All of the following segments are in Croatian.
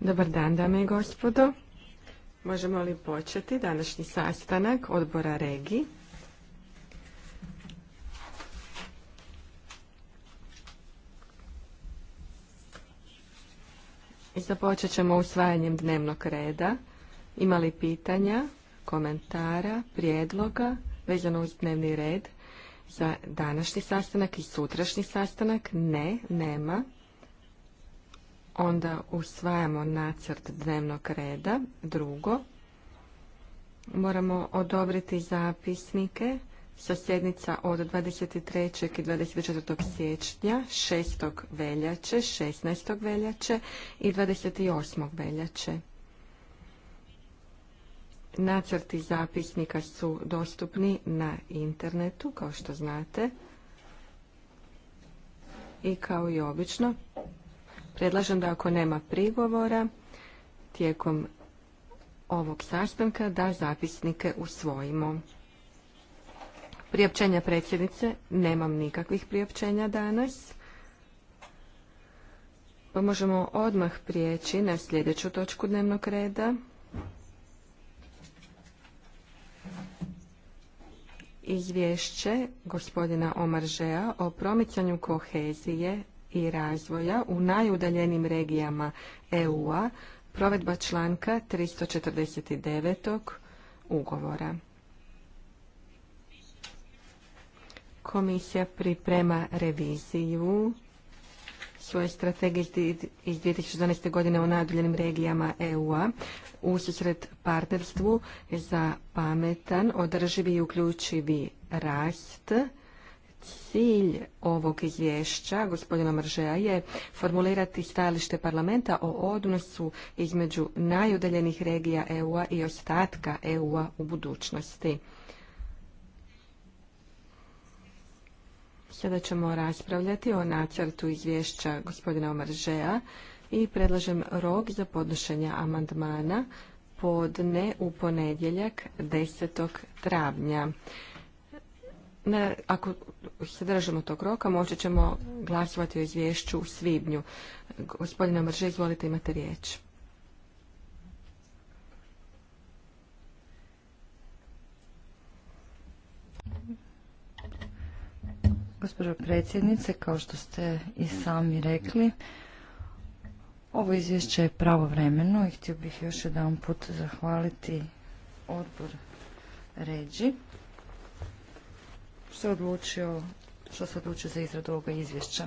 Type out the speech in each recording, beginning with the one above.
Dobar dan, dame i gospodo. Možemo li početi današnji sastanak odbora Regi? I započet ćemo usvajanjem dnevnog reda. Imali pitanja, komentara, prijedloga vezano uz dnevni red? za današnji sastanak i sutrašnji sastanak? Ne, nema. Onda usvajamo nacrt dnevnog reda. Drugo, moramo odobriti zapisnike sa sjednica od 23. i 24. siječnja, 6. veljače, 16. veljače i 28. veljače. Nacrti zapisnika su dostupni na internetu, kao što znate. I kao i obično, predlažem da ako nema prigovora tijekom ovog sastanka, da zapisnike usvojimo. Priopćenja predsjednice, nemam nikakvih priopćenja danas. Pa možemo odmah prijeći na sljedeću točku dnevnog reda. izvješće gospodina Omaržea o promicanju kohezije i razvoja u najudaljenim regijama EU-a, provedba članka 349. ugovora. Komisija priprema reviziju svoje strategije iz 2012. godine o naduljenim regijama EU-a u susret partnerstvu za pametan, održivi i uključivi rast. Cilj ovog izvješća gospodina Maržeja je formulirati stajalište parlamenta o odnosu između najudaljenih regija EU-a i ostatka EU-a u budućnosti. Sada ćemo raspravljati o nacrtu izvješća gospodina Omaržeja i predlažem rok za podnošenje amandmana podne u ponedjeljak 10. travnja. ako se držimo tog roka, moći ćemo glasovati o izvješću u svibnju. Gospodina Mrže, izvolite, imate riječ. Gospođo predsjednice, kao što ste i sami rekli, ovo izvješće je pravovremeno i htio bih još jedan put zahvaliti odbor ređi što, je odlučio, što se odlučio za izradu ovoga izvješća.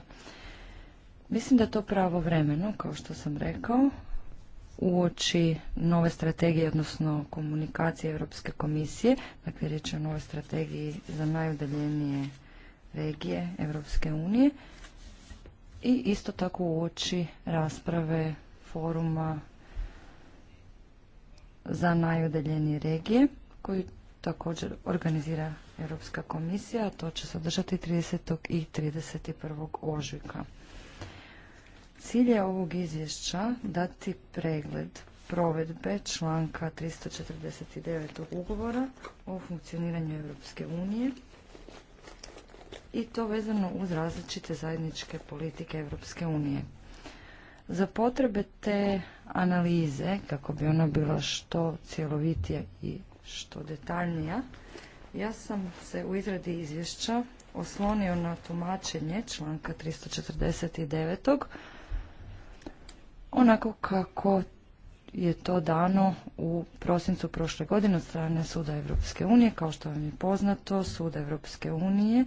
Mislim da je to pravovremeno, kao što sam rekao, uoči nove strategije, odnosno komunikacije Europske komisije, dakle riječ je o nove strategiji za najudaljenije regije Europske unije i isto tako uoči rasprave foruma za najudeljenije regije koji također organizira Europska komisija, a to će se održati 30. i 31. ožujka. Cilj je ovog izvješća dati pregled provedbe članka 349. ugovora o funkcioniranju Europske unije i to vezano uz različite zajedničke politike Europske unije. Za potrebe te analize, kako bi ona bila što cjelovitija i što detaljnija, ja sam se u izradi izvješća oslonio na tumačenje članka 349. onako kako je to dano u prosincu prošle godine od strane Suda Europske unije, kao što vam je poznato, Suda Europske unije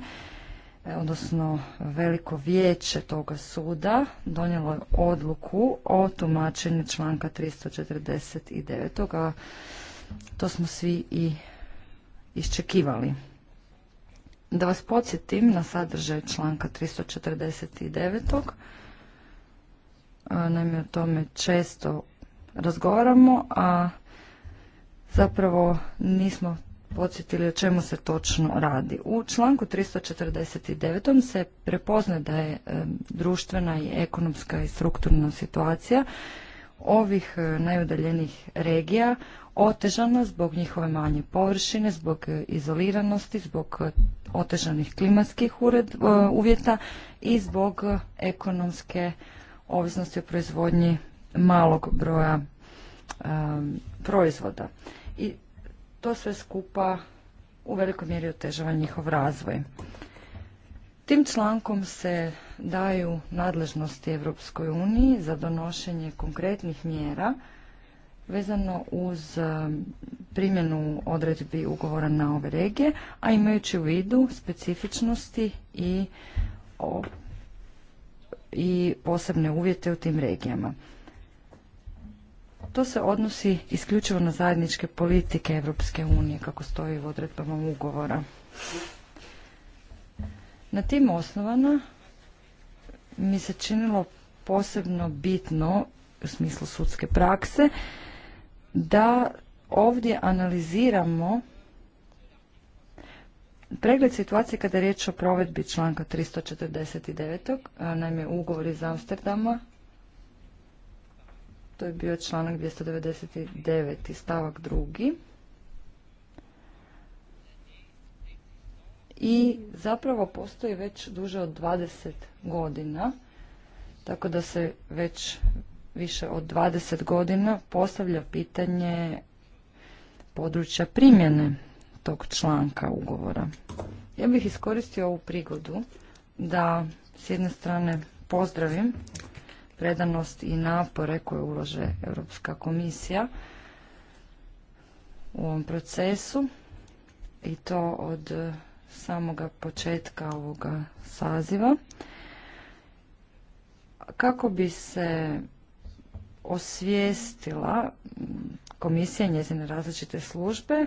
E, odnosno veliko vijeće toga suda donijelo je odluku o tumačenju članka 349. A to smo svi i iščekivali. Da vas podsjetim na sadržaj članka 349. E, naime, o tome često razgovaramo, a zapravo nismo podsjetili o čemu se točno radi. U članku 349. se prepozna da je e, društvena i ekonomska i strukturna situacija ovih e, najudaljenih regija otežana zbog njihove manje površine, zbog e, izoliranosti, zbog otežanih klimatskih uvjeta i zbog ekonomske ovisnosti o proizvodnji malog broja proizvoda. I to sve skupa u velikoj mjeri otežava njihov razvoj. Tim člankom se daju nadležnosti Europskoj uniji za donošenje konkretnih mjera vezano uz um, primjenu odredbi ugovora na ove regije, a imajući u vidu specifičnosti i, i posebne uvjete u tim regijama. To se odnosi isključivo na zajedničke politike Europske unije, kako stoji u odredbama ugovora. Na tim osnovama mi se činilo posebno bitno u smislu sudske prakse da ovdje analiziramo pregled situacije kada je riječ o provedbi članka 349. Naime, ugovor iz Amsterdama to je bio članak 299. stavak 2. I zapravo postoji već duže od 20 godina, tako da se već više od 20 godina postavlja pitanje područja primjene tog članka ugovora. Ja bih iskoristio ovu prigodu da s jedne strane pozdravim predanost i napore koje ulože Europska komisija u ovom procesu i to od samoga početka ovoga saziva kako bi se osvijestila komisija njezine različite službe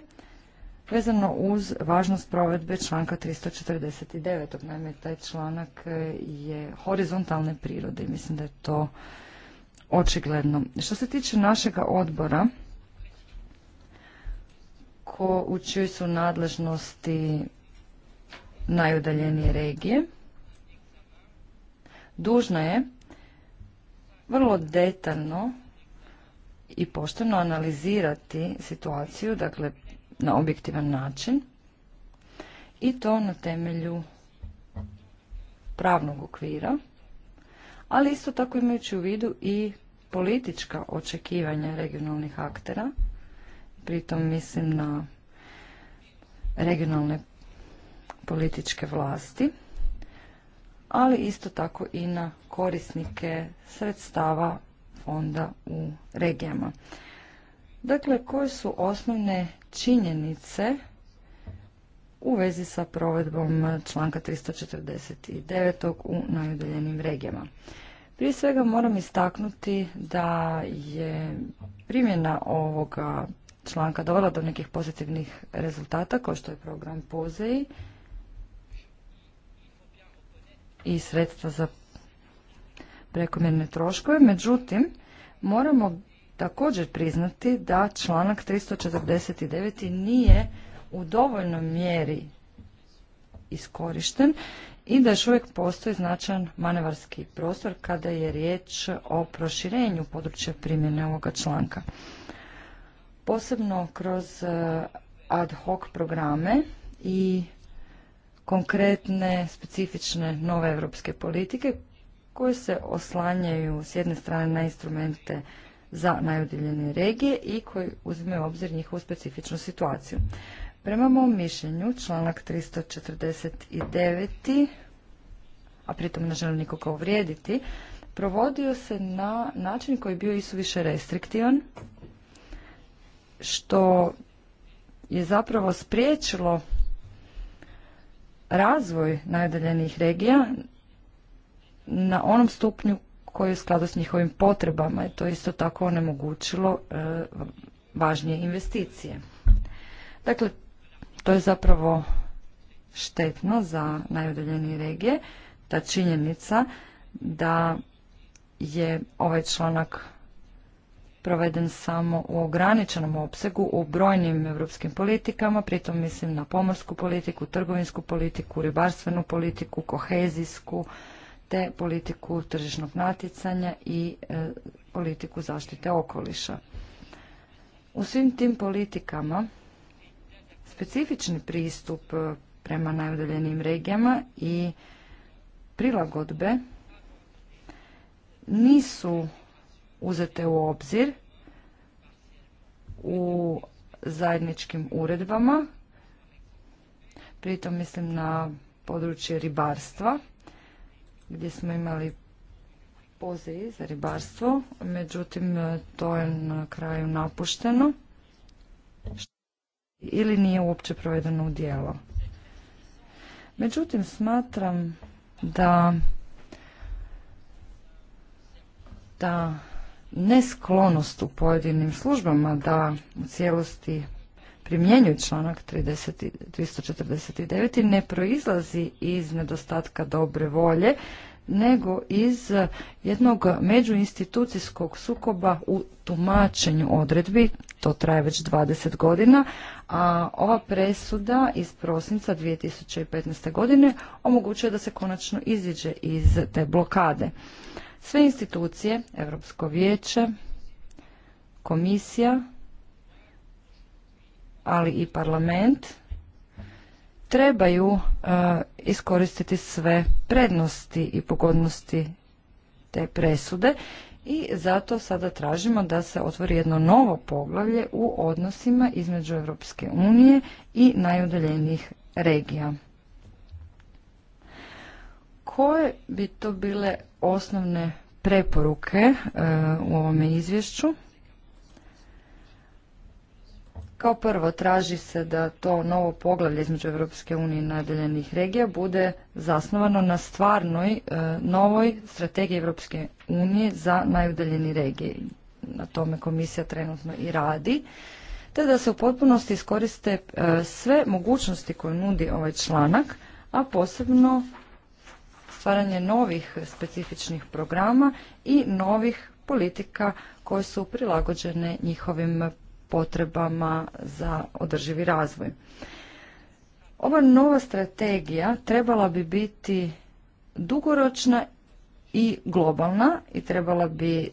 vezano uz važnost provedbe članka 349. Naime, taj članak e, je horizontalne prirode i mislim da je to očigledno. Što se tiče našega odbora, ko, u čijoj su nadležnosti najudaljenije regije, dužno je vrlo detaljno i pošteno analizirati situaciju, dakle na objektivan način i to na temelju pravnog okvira, ali isto tako imajući u vidu i politička očekivanja regionalnih aktera, pritom mislim na regionalne političke vlasti, ali isto tako i na korisnike sredstava fonda u regijama. Dakle, koje su osnovne činjenice u vezi sa provedbom članka 349. u najudeljenim regijama. Prije svega moram istaknuti da je primjena ovoga članka dovela do nekih pozitivnih rezultata, kao što je program POZEI i sredstva za prekomjerne troškove. Međutim, moramo također priznati da članak 349. nije u dovoljnoj mjeri iskorišten i da još uvijek postoji značajan manevarski prostor kada je riječ o proširenju područja primjene ovoga članka. Posebno kroz e, ad hoc programe i konkretne, specifične nove europske politike koje se oslanjaju s jedne strane na instrumente za najudivljenije regije i koji uzme u obzir njihovu specifičnu situaciju. Prema mom mišljenju, članak 349. a pritom ne želim nikoga uvrijediti, provodio se na način koji je bio isuviše restriktivan, što je zapravo spriječilo razvoj najudaljenijih regija na onom stupnju koji u skladu s njihovim potrebama je to isto tako onemogućilo e, važnije investicije. Dakle, to je zapravo štetno za najudaljenije regije, ta činjenica da je ovaj članak proveden samo u ograničenom opsegu u brojnim europskim politikama, pritom mislim na pomorsku politiku, trgovinsku politiku, ribarstvenu politiku, kohezijsku te politiku tržišnog natjecanja i e, politiku zaštite okoliša. U svim tim politikama specifični pristup e, prema najudaljenijim regijama i prilagodbe nisu uzete u obzir u zajedničkim uredbama, pritom mislim na područje ribarstva gdje smo imali poziv za ribarstvo, međutim e, to je na kraju napušteno ili nije uopće provedeno u dijelo. Međutim, smatram da da nesklonost u pojedinim službama da u cijelosti primjenjuju članak 30, 349 ne proizlazi iz nedostatka dobre volje, nego iz jednog međuinstitucijskog sukoba u tumačenju odredbi, to traje već 20 godina, a ova presuda iz prosinca 2015. godine omogućuje da se konačno iziđe iz te blokade. Sve institucije, Europsko vijeće, komisija, ali i parlament trebaju e, iskoristiti sve prednosti i pogodnosti te presude i zato sada tražimo da se otvori jedno novo poglavlje u odnosima između Europske unije i najudaljenijih regija. Koje bi to bile osnovne preporuke e, u ovome izvješću? Kao prvo, traži se da to novo poglavlje između Europske unije i najdeljenih regija bude zasnovano na stvarnoj e, novoj strategiji Europske unije za najudaljeni regije. Na tome komisija trenutno i radi te da se u potpunosti iskoriste e, sve mogućnosti koje nudi ovaj članak, a posebno stvaranje novih specifičnih programa i novih politika koje su prilagođene njihovim potrebama za održivi razvoj. Ova nova strategija trebala bi biti dugoročna i globalna i trebala bi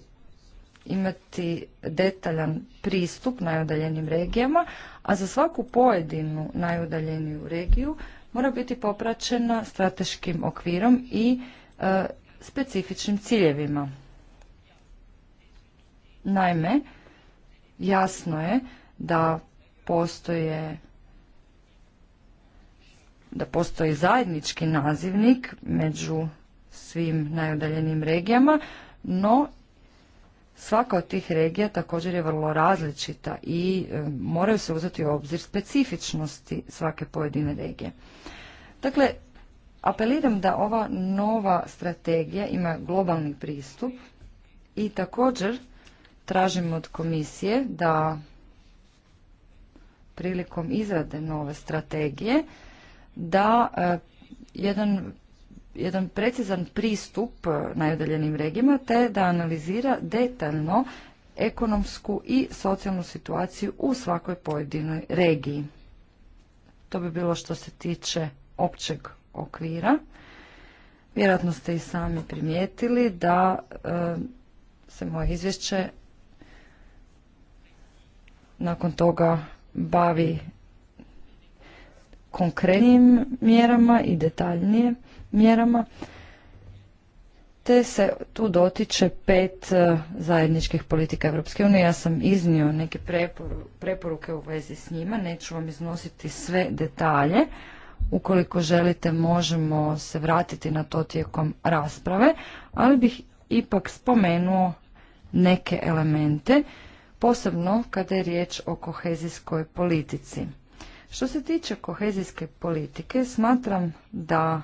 imati detaljan pristup najudaljenim regijama, a za svaku pojedinu najudaljeniju regiju mora biti popraćena strateškim okvirom i e, specifičnim ciljevima. Naime, Jasno je da postoje da postoji zajednički nazivnik među svim najudaljenim regijama, no svaka od tih regija također je vrlo različita i e, moraju se uzeti u obzir specifičnosti svake pojedine regije. Dakle, apeliram da ova nova strategija ima globalni pristup i također Tražim od komisije da prilikom izrade nove strategije da e, jedan, jedan precizan pristup e, najudaljenim regijima te da analizira detaljno ekonomsku i socijalnu situaciju u svakoj pojedinoj regiji. To bi bilo što se tiče općeg okvira. Vjerojatno ste i sami primijetili da e, se moje izvješće nakon toga bavi konkretnim mjerama i detaljnije mjerama, te se tu dotiče pet e, zajedničkih politika Europske unije. Ja sam iznio neke preporuke u vezi s njima, neću vam iznositi sve detalje. Ukoliko želite možemo se vratiti na to tijekom rasprave, ali bih ipak spomenuo neke elemente posebno kada je riječ o kohezijskoj politici. Što se tiče kohezijske politike, smatram da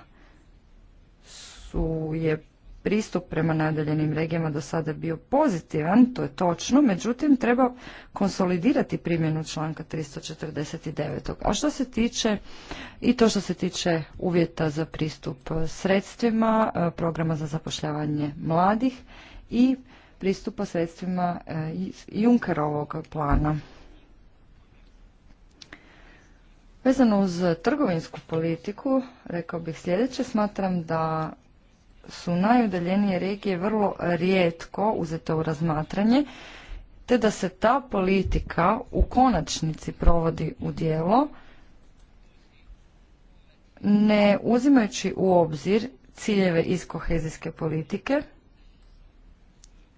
su je pristup prema nadaljenim regijama do sada bio pozitivan, to je točno, međutim treba konsolidirati primjenu članka 349. A što se tiče, i to što se tiče uvjeta za pristup sredstvima, eh, programa za zapošljavanje mladih i pristupa sredstvima e, Junkerovog plana. Vezano uz trgovinsku politiku, rekao bih sljedeće, smatram da su najudaljenije regije vrlo rijetko uzete u razmatranje, te da se ta politika u konačnici provodi u dijelo, ne uzimajući u obzir ciljeve iz kohezijske politike,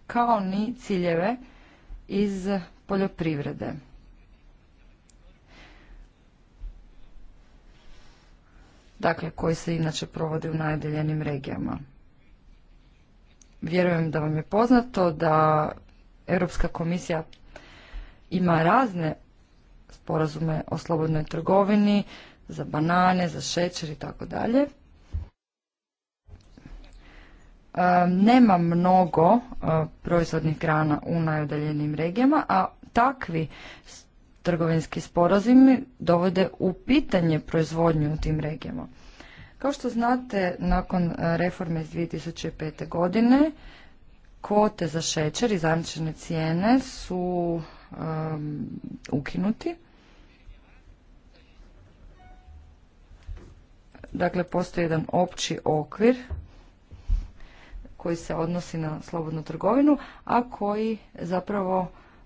kao ni ciljeve iz poljoprivrede. Dakle, koji se inače provode u najdeljenim regijama. Vjerujem da vam je poznato da Europska komisija ima razne sporazume o slobodnoj trgovini, za banane, za šećer i tako dalje nema mnogo e, proizvodnih grana u najudaljenijim regijama, a takvi trgovinski sporazumi dovode u pitanje proizvodnju u tim regijama. Kao što znate, nakon e, reforme iz 2005. godine, kvote za šećer i zajamčene cijene su ukinuti. Dakle, postoji jedan opći okvir koji se odnosi na slobodnu trgovinu, a koji zapravo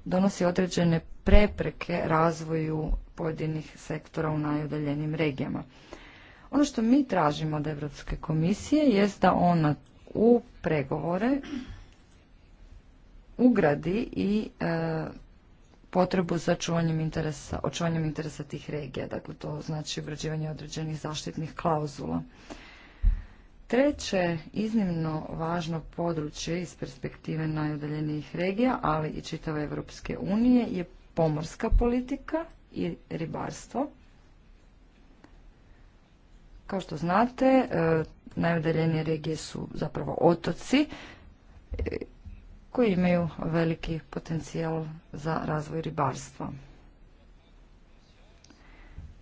donosi određene prepreke razvoju pojedinih sektora u najudaljenim regijama. Ono što mi tražimo od Europske komisije jest da ona u pregovore ugradi i e, potrebu za čuvanjem interesa, očuvanjem interesa tih regija. Dakle, to znači obrađivanje određenih zaštitnih klauzula. Treće iznimno važno područje iz perspektive najudaljenijih regija, ali i čitave Europske unije je pomorska politika i ribarstvo. Kao što znate, e, najudaljenije regije su zapravo otoci e, koji imaju veliki potencijal za razvoj ribarstva.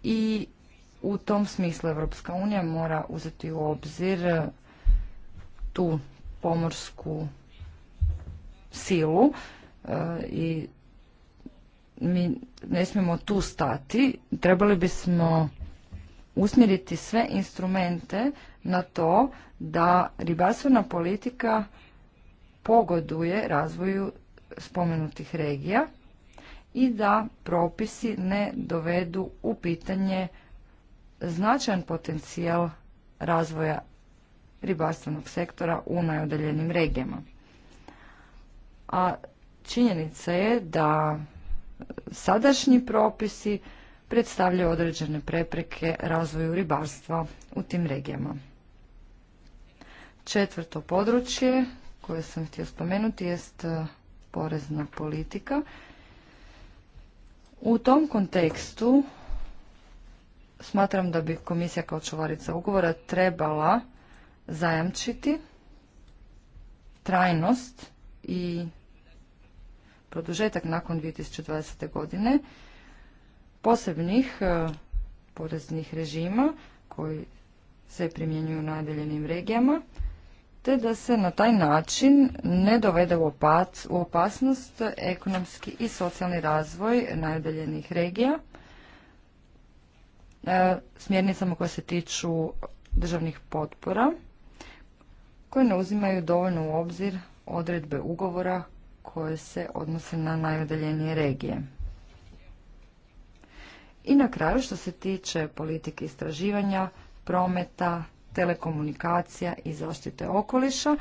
I u tom smislu Evropska unija mora uzeti u obzir e, tu pomorsku silu e, i mi ne smijemo tu stati. Trebali bismo usmjeriti sve instrumente na to da ribarstvena politika pogoduje razvoju spomenutih regija i da propisi ne dovedu u pitanje značajan potencijal razvoja ribarstvenog sektora u najudaljenim regijama. A činjenica je da sadašnji propisi predstavljaju određene prepreke razvoju ribarstva u tim regijama. Četvrto područje koje sam htio spomenuti jest e, porezna politika. U tom kontekstu smatram da bi komisija kao čuvarica ugovora trebala zajamčiti trajnost i produžetak nakon 2020. godine posebnih e, poreznih režima koji se primjenjuju na deljenim regijama, te da se na taj način ne dovede u opasnost ekonomski i socijalni razvoj najdeljenih regija, E, smjernicama koje se tiču državnih potpora koje ne uzimaju dovoljno u obzir odredbe ugovora koje se odnose na najudaljenije regije. I na kraju što se tiče politike istraživanja, prometa, telekomunikacija i zaštite okoliša,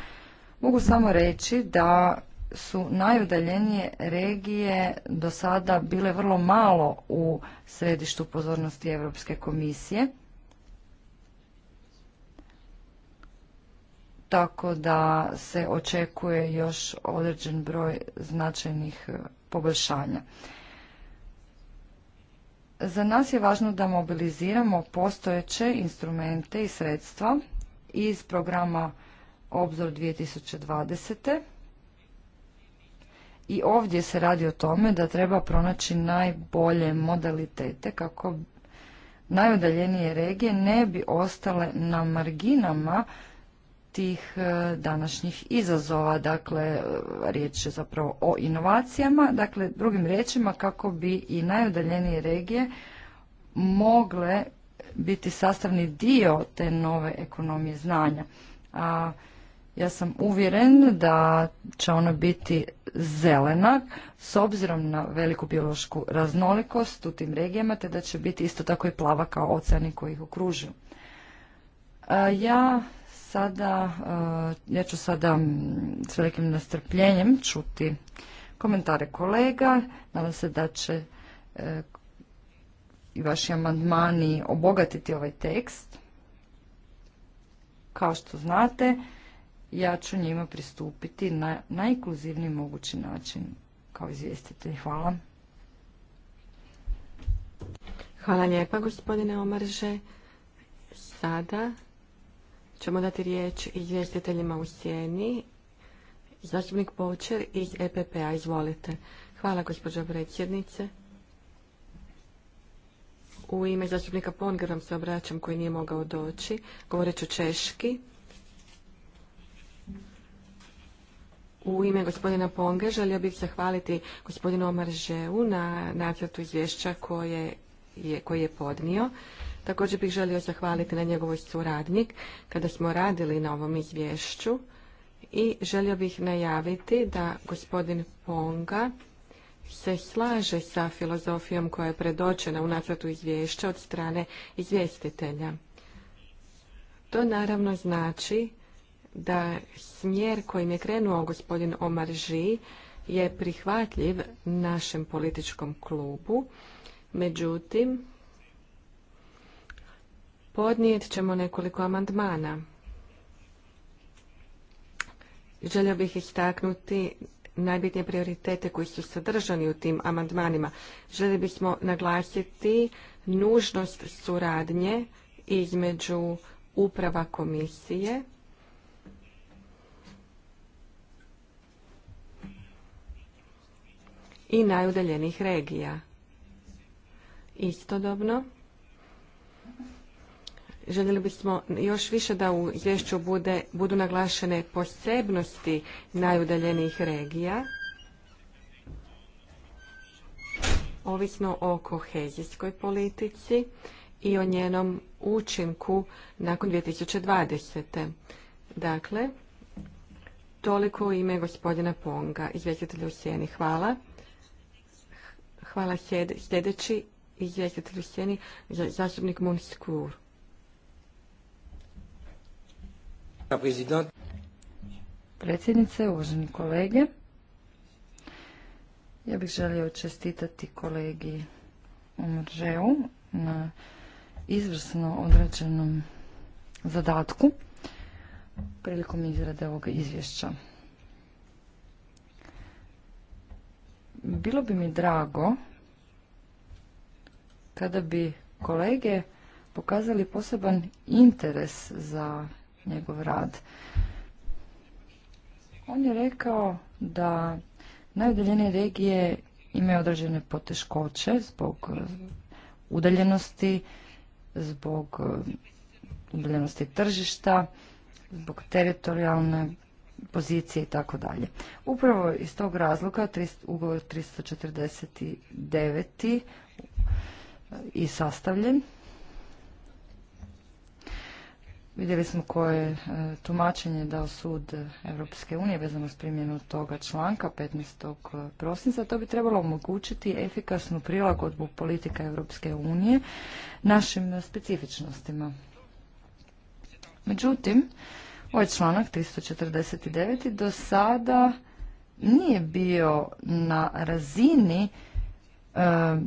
mogu samo reći da su najudaljenije regije do sada bile vrlo malo u središtu pozornosti Europske komisije. Tako da se očekuje još određen broj značajnih poboljšanja. Za nas je važno da mobiliziramo postojeće instrumente i sredstva iz programa Obzor 2020 i ovdje se radi o tome da treba pronaći najbolje modalitete kako najudaljenije regije ne bi ostale na marginama tih e, današnjih izazova. Dakle, e, riječ je zapravo o inovacijama. Dakle, drugim riječima kako bi i najudaljenije regije mogle biti sastavni dio te nove ekonomije znanja. A ja sam uvjeren da će ona biti zelena s obzirom na veliku biološku raznolikost u tim regijama te da će biti isto tako i plava kao oceani koji ih okružuju. Ja sada, ja ću sada s velikim nastrpljenjem čuti komentare kolega. Nadam se da će e, i vaši amandmani obogatiti ovaj tekst. Kao što znate, ja ću njima pristupiti na najinkluzivniji mogući način kao izvjestitelj. Hvala. Hvala lijepa gospodine Omarže. Sada ćemo dati riječ izvjestiteljima u sjeni. Zastupnik Počer iz EPP-a, izvolite. Hvala gospođo predsjednice. U ime zastupnika Pongerom se obraćam koji nije mogao doći. Govorit ću češki. U ime gospodina Ponge želio bih zahvaliti gospodinu Žeu na nacrtu izvješća koje je, koji je podnio. Također bih želio zahvaliti na njegovoj suradnik kada smo radili na ovom izvješću i želio bih najaviti da gospodin Ponga se slaže sa filozofijom koja je predočena u nacrtu izvješća od strane izvjestitelja. To naravno znači da smjer kojim je krenuo gospodin Omar Ži je prihvatljiv našem političkom klubu. Međutim, podnijet ćemo nekoliko amandmana. Želio bih istaknuti najbitnije prioritete koji su sadržani u tim amandmanima. Želio bismo naglasiti nužnost suradnje između uprava komisije i najudaljenih regija. Istodobno, željeli bismo još više da u izvješću budu naglašene posebnosti najudaljenijih regija, ovisno o kohezijskoj politici i o njenom učinku nakon 2020. Dakle, toliko u ime gospodina Ponga, izvjestitelja u sjeni. Hvala. Hvala sljedeći izvjestitelj u sjeni, zastupnik Monskur. Predsjednice, uvaženi kolege, ja bih želio čestitati kolegi Umrževu na izvrsno određenom zadatku prilikom izrade ovog izvješća. Bilo bi mi drago kada bi kolege pokazali poseban interes za njegov rad. On je rekao da najudaljenije regije imaju određene poteškoće zbog udaljenosti, zbog udaljenosti tržišta, zbog teritorijalne pozicije i tako dalje. Upravo iz tog razloga ugovor 349. i sastavljen. Vidjeli smo koje e, je tumačenje dao sud Europske unije vezano s primjenu toga članka 15. E, prosinca. To bi trebalo omogućiti efikasnu prilagodbu politika Europske unije našim specifičnostima. Međutim, Ovaj članak 349. do sada nije bio na razini eh,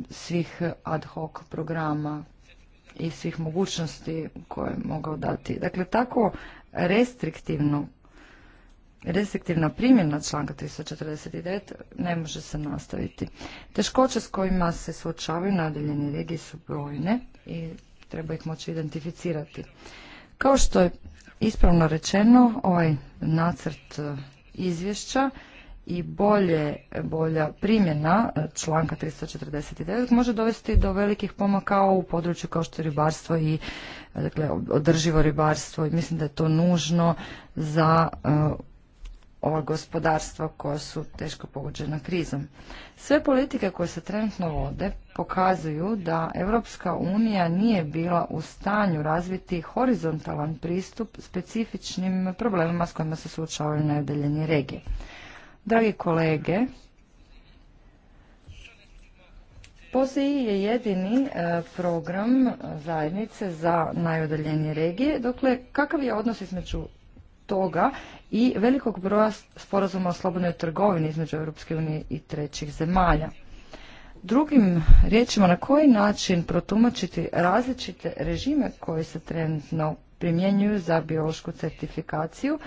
svih ad hoc programa i svih mogućnosti koje je mogao dati. Dakle, tako restriktivno Restriktivna primjena članka 349 ne može se nastaviti. Teškoće s kojima se suočavaju nadeljeni regiji su brojne i treba ih moći identificirati. Kao što je Ispravno rečeno, ovaj nacrt e, izvješća i bolje, bolja primjena e, članka 349 može dovesti do velikih pomaka u području kao što je ribarstvo i e, dakle, održivo ribarstvo i mislim da je to nužno za ova gospodarstva koja su teško pogođena krizom. Sve politike koje se trenutno vode pokazuju da Europska unija nije bila u stanju razviti horizontalan pristup specifičnim problemima s kojima se suočavaju najudaljenije regije. Dragi kolege, POSEI je jedini e, program zajednice za najodaljenije regije. Dokle, kakav je odnos između toga i velikog broja sporazuma o slobodnoj trgovini između Europske unije i trećih zemalja. Drugim riječima, na koji način protumačiti različite režime koji se trenutno primjenjuju za biološku certifikaciju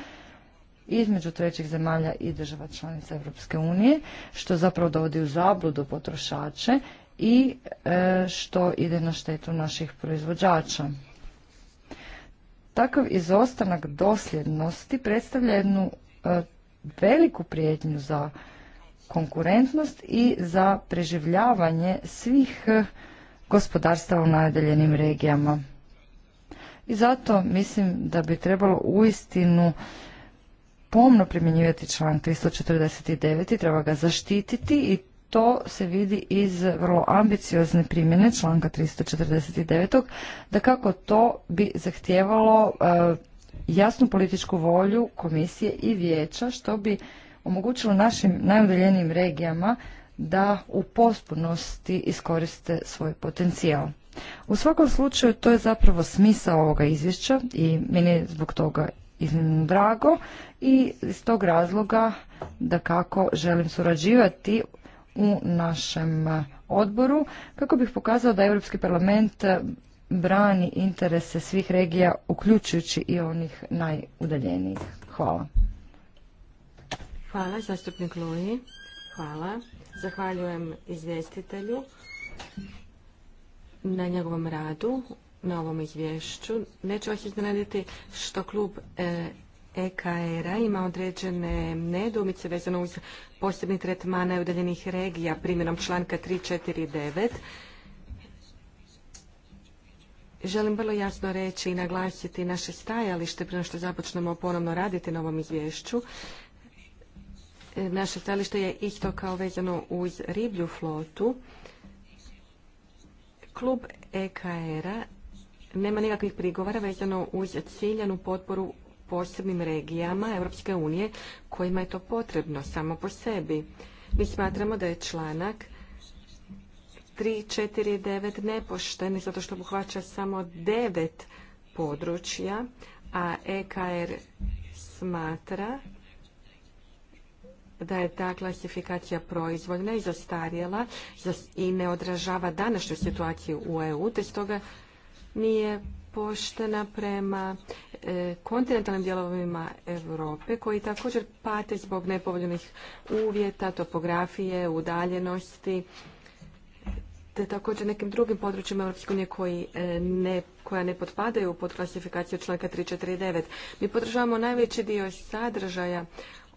između trećih zemalja i država članica Europske unije, što zapravo dovodi u zabludu potrošače i e, što ide na štetu naših proizvođača. Takav izostanak dosljednosti predstavlja jednu e, veliku prijetnju za konkurentnost i za preživljavanje svih e, gospodarstva u najdeljenim regijama. I zato mislim da bi trebalo uistinu pomno primjenjivati član 349 i treba ga zaštititi i to se vidi iz vrlo ambiciozne primjene članka 349. da kako to bi zahtijevalo eh, jasnu političku volju komisije i vijeća što bi omogućilo našim najudaljenijim regijama da u potpunosti iskoriste svoj potencijal. U svakom slučaju to je zapravo smisao ovoga izvješća i meni je zbog toga iznimno drago i iz tog razloga da kako želim surađivati u našem odboru kako bih pokazao da Europski parlament brani interese svih regija, uključujući i onih najudaljenijih. Hvala. Hvala, zastupnik Hvala. Zahvaljujem izvjestitelju na njegovom radu, na ovom izvješću. Neću vas iznenaditi što klub e, EKR-a ima određene nedumice vezano uz posebni tretmana udaljenih regija primjenom članka 349. Želim vrlo jasno reći i naglasiti naše stajalište prije što započnemo ponovno raditi na ovom izvješću. E, naše stajalište je isto kao vezano uz riblju flotu. Klub EKR-a nema nikakvih prigovara vezano uz ciljanu potporu posebnim regijama Europske unije kojima je to potrebno samo po sebi. Mi smatramo da je članak 349 nepošteni zato što obuhvaća samo devet područja, a EKR smatra da je ta klasifikacija proizvoljna i zastarjela i ne odražava današnju situaciju u EU, te stoga nije poštena prema e, kontinentalnim dijelovima Europe koji također pate zbog nepovoljnih uvjeta, topografije, udaljenosti te također nekim drugim područjima Europske unije koji e, koja ne potpadaju pod klasifikaciju članka 349. Mi podržavamo najveći dio sadržaja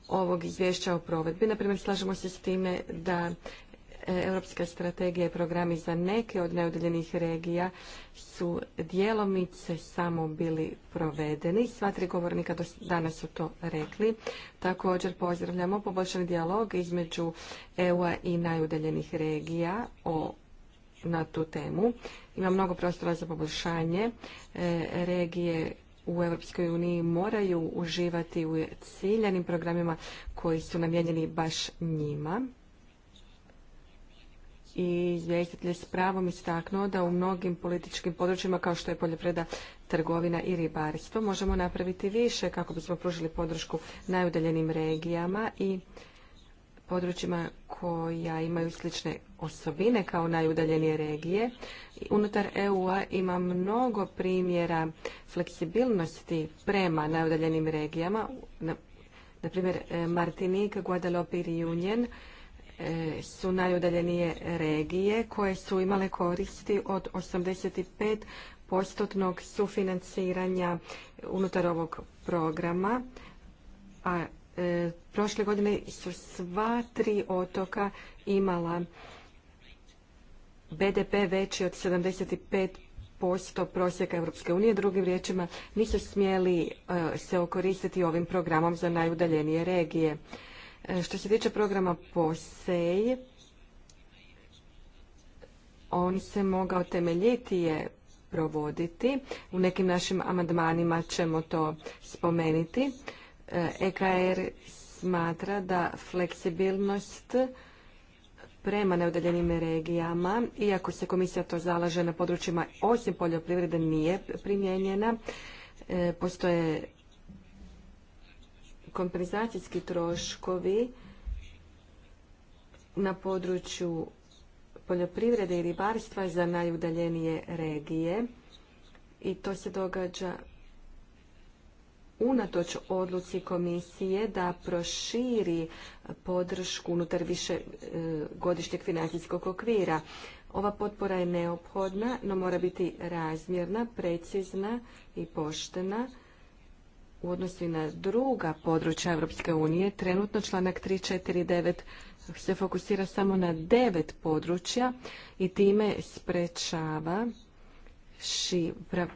ovog izvješća o provedbi. Naprimjer, slažemo se s time da Europska strategija i programi za neke od neodeljenih regija su dijelomice samo bili provedeni. Sva tri govornika danas su to rekli. Također pozdravljamo poboljšani dijalog između EU-a i najudeljenih regija o na tu temu. Ima mnogo prostora za poboljšanje. E, regije u Europskoj uniji moraju uživati u ciljanim programima koji su namijenjeni baš njima i izvjestitelj s pravom istaknuo da u mnogim političkim područjima kao što je poljoprivreda, trgovina i ribarstvo možemo napraviti više kako bismo pružili podršku najudaljenim regijama i područjima koja imaju slične osobine kao najudaljenije regije. Unutar EU-a ima mnogo primjera fleksibilnosti prema najudaljenim regijama. Na primjer, eh, Martinik, Guadalupe i Reunion – E, su najudaljenije regije koje su imale koristi od 85 postotnog sufinanciranja unutar ovog programa. A e, prošle godine su sva tri otoka imala BDP veći od 75% prosjeka Europske unije. Drugim riječima nisu smjeli e, se okoristiti ovim programom za najudaljenije regije. E, što se tiče programa POSEJ, on se mogao je provoditi. U nekim našim amandmanima ćemo to spomenuti. EKR e smatra da fleksibilnost prema neudaljenim regijama, iako se komisija to zalaže na područjima osim poljoprivrede, nije primijenjena. E, postoje kompenzacijski troškovi na području poljoprivrede i ribarstva za najudaljenije regije i to se događa unatoč odluci komisije da proširi podršku unutar više e, godišnjeg financijskog okvira. Ova potpora je neophodna, no mora biti razmjerna, precizna i poštena u odnosu na druga područja Europske unije, trenutno članak 349 se fokusira samo na devet područja i time sprečava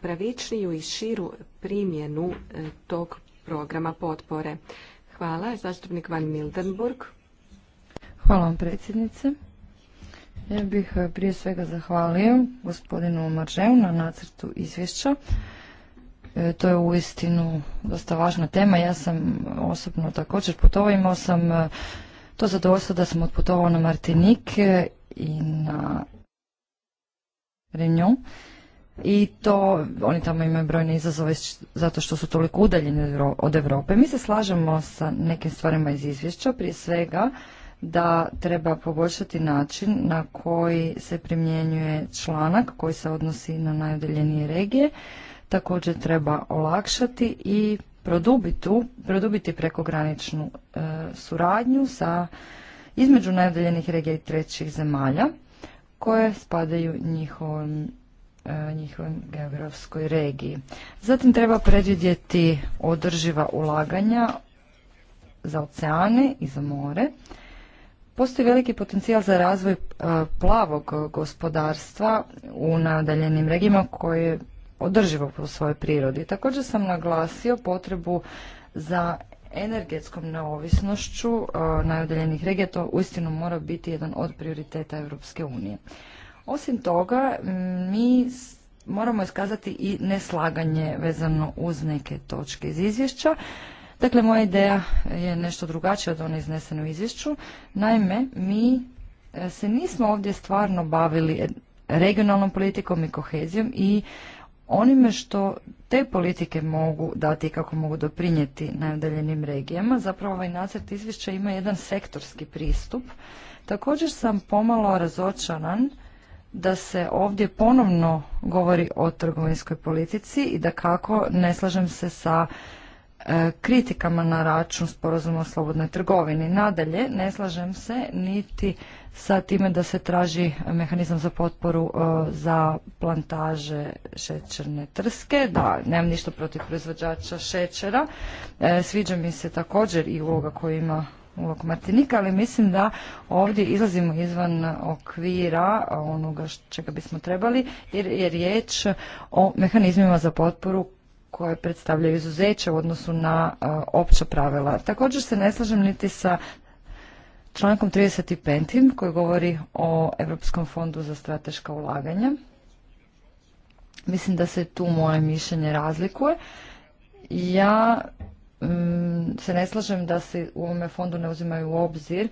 pravičniju i širu primjenu e, tog programa potpore. Hvala. Zastupnik Van Mildenburg. Hvala vam predsjednice. Ja bih e, prije svega zahvalio gospodinu Maržeu na nacrtu izvješća. E, to je uistinu dosta važna tema. Ja sam osobno također putovao. Imao sam e, to zadovoljstvo da sam otputovao na Martinique i na Réunion. I to, oni tamo imaju brojne izazove zato što su toliko udaljeni od Europe. Mi se slažemo sa nekim stvarima iz izvješća, prije svega da treba poboljšati način na koji se primjenjuje članak koji se odnosi na najudaljenije regije također treba olakšati i produbiti prekograničnu e, suradnju sa između najudaljenih regija i trećih zemalja koje spadaju njihovom e, njihovoj geografskoj regiji. Zatim treba predvidjeti održiva ulaganja za oceane i za more. Postoji veliki potencijal za razvoj e, plavog gospodarstva u nadaljenim regijima koje održivo po svojoj prirodi. Također sam naglasio potrebu za energetskom neovisnošću e, najudeljenih regija, to uistinu mora biti jedan od prioriteta Europske unije. Osim toga, mi moramo iskazati i neslaganje vezano uz neke točke iz izvješća. Dakle, moja ideja je nešto drugačija od one iznesene u izvješću. Naime, mi e, se nismo ovdje stvarno bavili regionalnom politikom i kohezijom i onime što te politike mogu dati i kako mogu doprinijeti najudaljenim regijama. Zapravo ovaj nacrt izvješća ima jedan sektorski pristup. Također sam pomalo razočaran da se ovdje ponovno govori o trgovinskoj politici i da kako ne slažem se sa e, kritikama na račun sporazuma o slobodnoj trgovini. Nadalje, ne slažem se niti sa time da se traži mehanizam za potporu e, za plantaže šećerne trske. Da, nemam ništa protiv proizvođača šećera. E, sviđa mi se također i uloga koju ima ulog Martinika, ali mislim da ovdje izlazimo izvan okvira onoga čega bismo trebali, jer je riječ o mehanizmima za potporu koje predstavljaju izuzeće u odnosu na e, opća pravila. Također se ne slažem niti sa člankom 35. koji govori o Europskom fondu za strateška ulaganja. Mislim da se tu moje mišljenje razlikuje. Ja mm, se ne slažem da se u ovome fondu ne uzimaju u obzir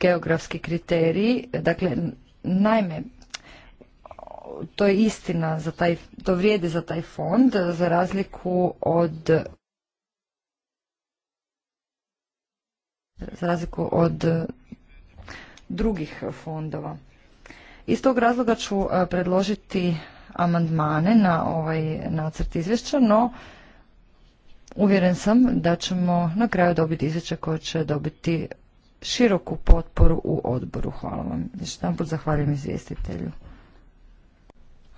geografski kriteriji. Dakle, naime, to je istina, za taj, to vrijedi za taj fond, za razliku od za razliku od e, drugih fondova. Iz tog razloga ću e, predložiti amandmane na ovaj nacrt izvješća, no uvjeren sam da ćemo na kraju dobiti izvješće koje će dobiti široku potporu u odboru. Hvala vam. Još jedan put zahvaljujem izvjestitelju.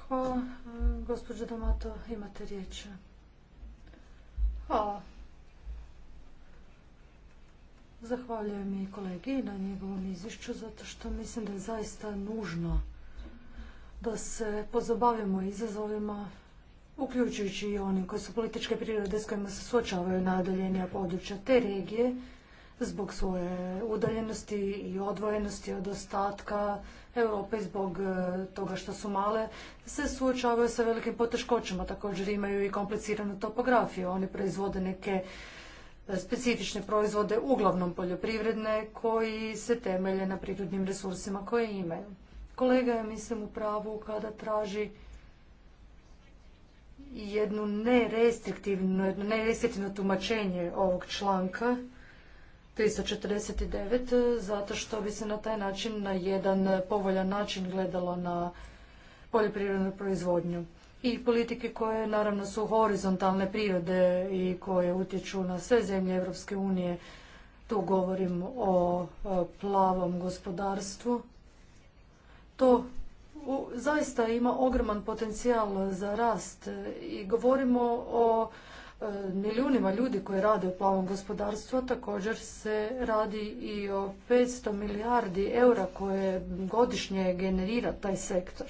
Hvala. E, gospođo Damato, imate riječ. Hvala. Zahvaljujem i kolegi na njegovom izvješću zato što mislim da je zaista nužno da se pozabavimo izazovima uključujući i onim koji su političke prirode s kojima se suočavaju najudaljenija područja te regije zbog svoje udaljenosti i odvojenosti od ostatka Europe zbog e, toga što su male, se suočavaju sa velikim poteškoćama. Također imaju i kompliciranu topografiju. Oni proizvode neke specifične proizvode, uglavnom poljoprivredne, koji se temelje na prirodnim resursima koje imaju. Kolega je, mislim, u pravu kada traži jednu nerestriktivno, jedno nerestriktivno tumačenje ovog članka 349, zato što bi se na taj način na jedan povoljan način gledalo na poljoprivrednu proizvodnju i politike koje naravno su horizontalne prirode i koje utječu na sve zemlje Europske unije. Tu govorim o e, plavom gospodarstvu. To zaista ima ogroman potencijal za rast e, i govorimo o e, milijunima ljudi koji rade u plavom gospodarstvu, također se radi i o 500 milijardi eura koje godišnje generira taj sektor.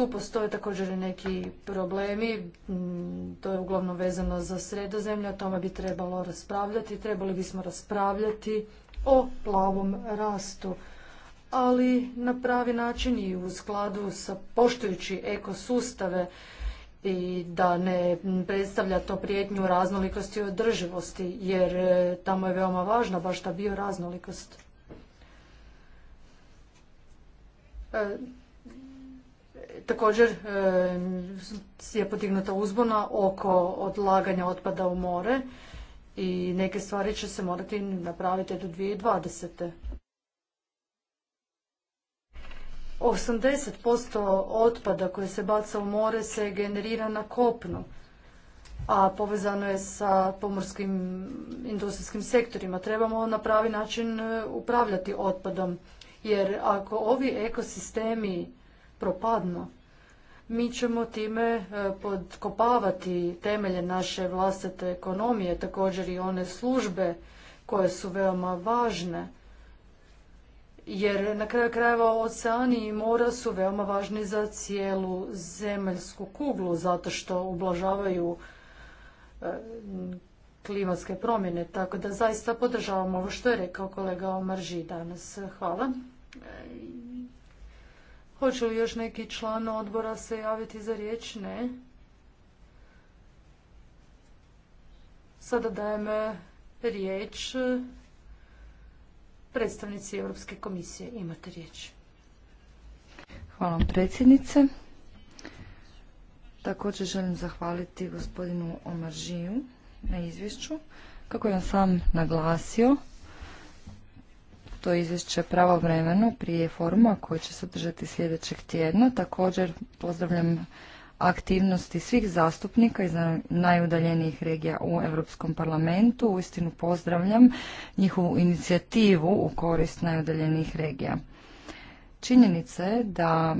Tu postoje također i neki problemi, mm, to je uglavnom vezano za sredozemlje, o tome bi trebalo raspravljati, trebali bismo raspravljati o plavom rastu, ali na pravi način i u skladu sa poštujući ekosustave i da ne predstavlja to prijetnju raznolikosti i održivosti, jer e, tamo je veoma važna baš ta bioraznolikost. raznolikost. E, također e, je podignuta uzbuna oko odlaganja otpada u more i neke stvari će se morati napraviti do 2020. 80% otpada koje se baca u more se generira na kopnu, a povezano je sa pomorskim industrijskim sektorima. Trebamo na pravi način e, upravljati otpadom, jer ako ovi ekosistemi propadnu. Mi ćemo time e, podkopavati temelje naše vlastite ekonomije, također i one službe koje su veoma važne. Jer na kraju krajeva oceani i mora su veoma važni za cijelu zemaljsku kuglu, zato što ublažavaju e, klimatske promjene. Tako da zaista podržavamo ovo što je rekao kolega Omarži danas. Hvala. Hoće li još neki član odbora se javiti za riječ? Ne. Sada dajem e, riječ e, predstavnici Europske komisije. Imate riječ. Hvala vam predsjednice. Također želim zahvaliti gospodinu Omaržiju na izvješću. Kako je on sam naglasio, to izvješće pravovremeno prije foruma koji će se održati sljedećeg tjedna. Također pozdravljam aktivnosti svih zastupnika iz najudaljenijih regija u Europskom parlamentu. Uistinu pozdravljam njihovu inicijativu u korist najudaljenijih regija. Činjenica je da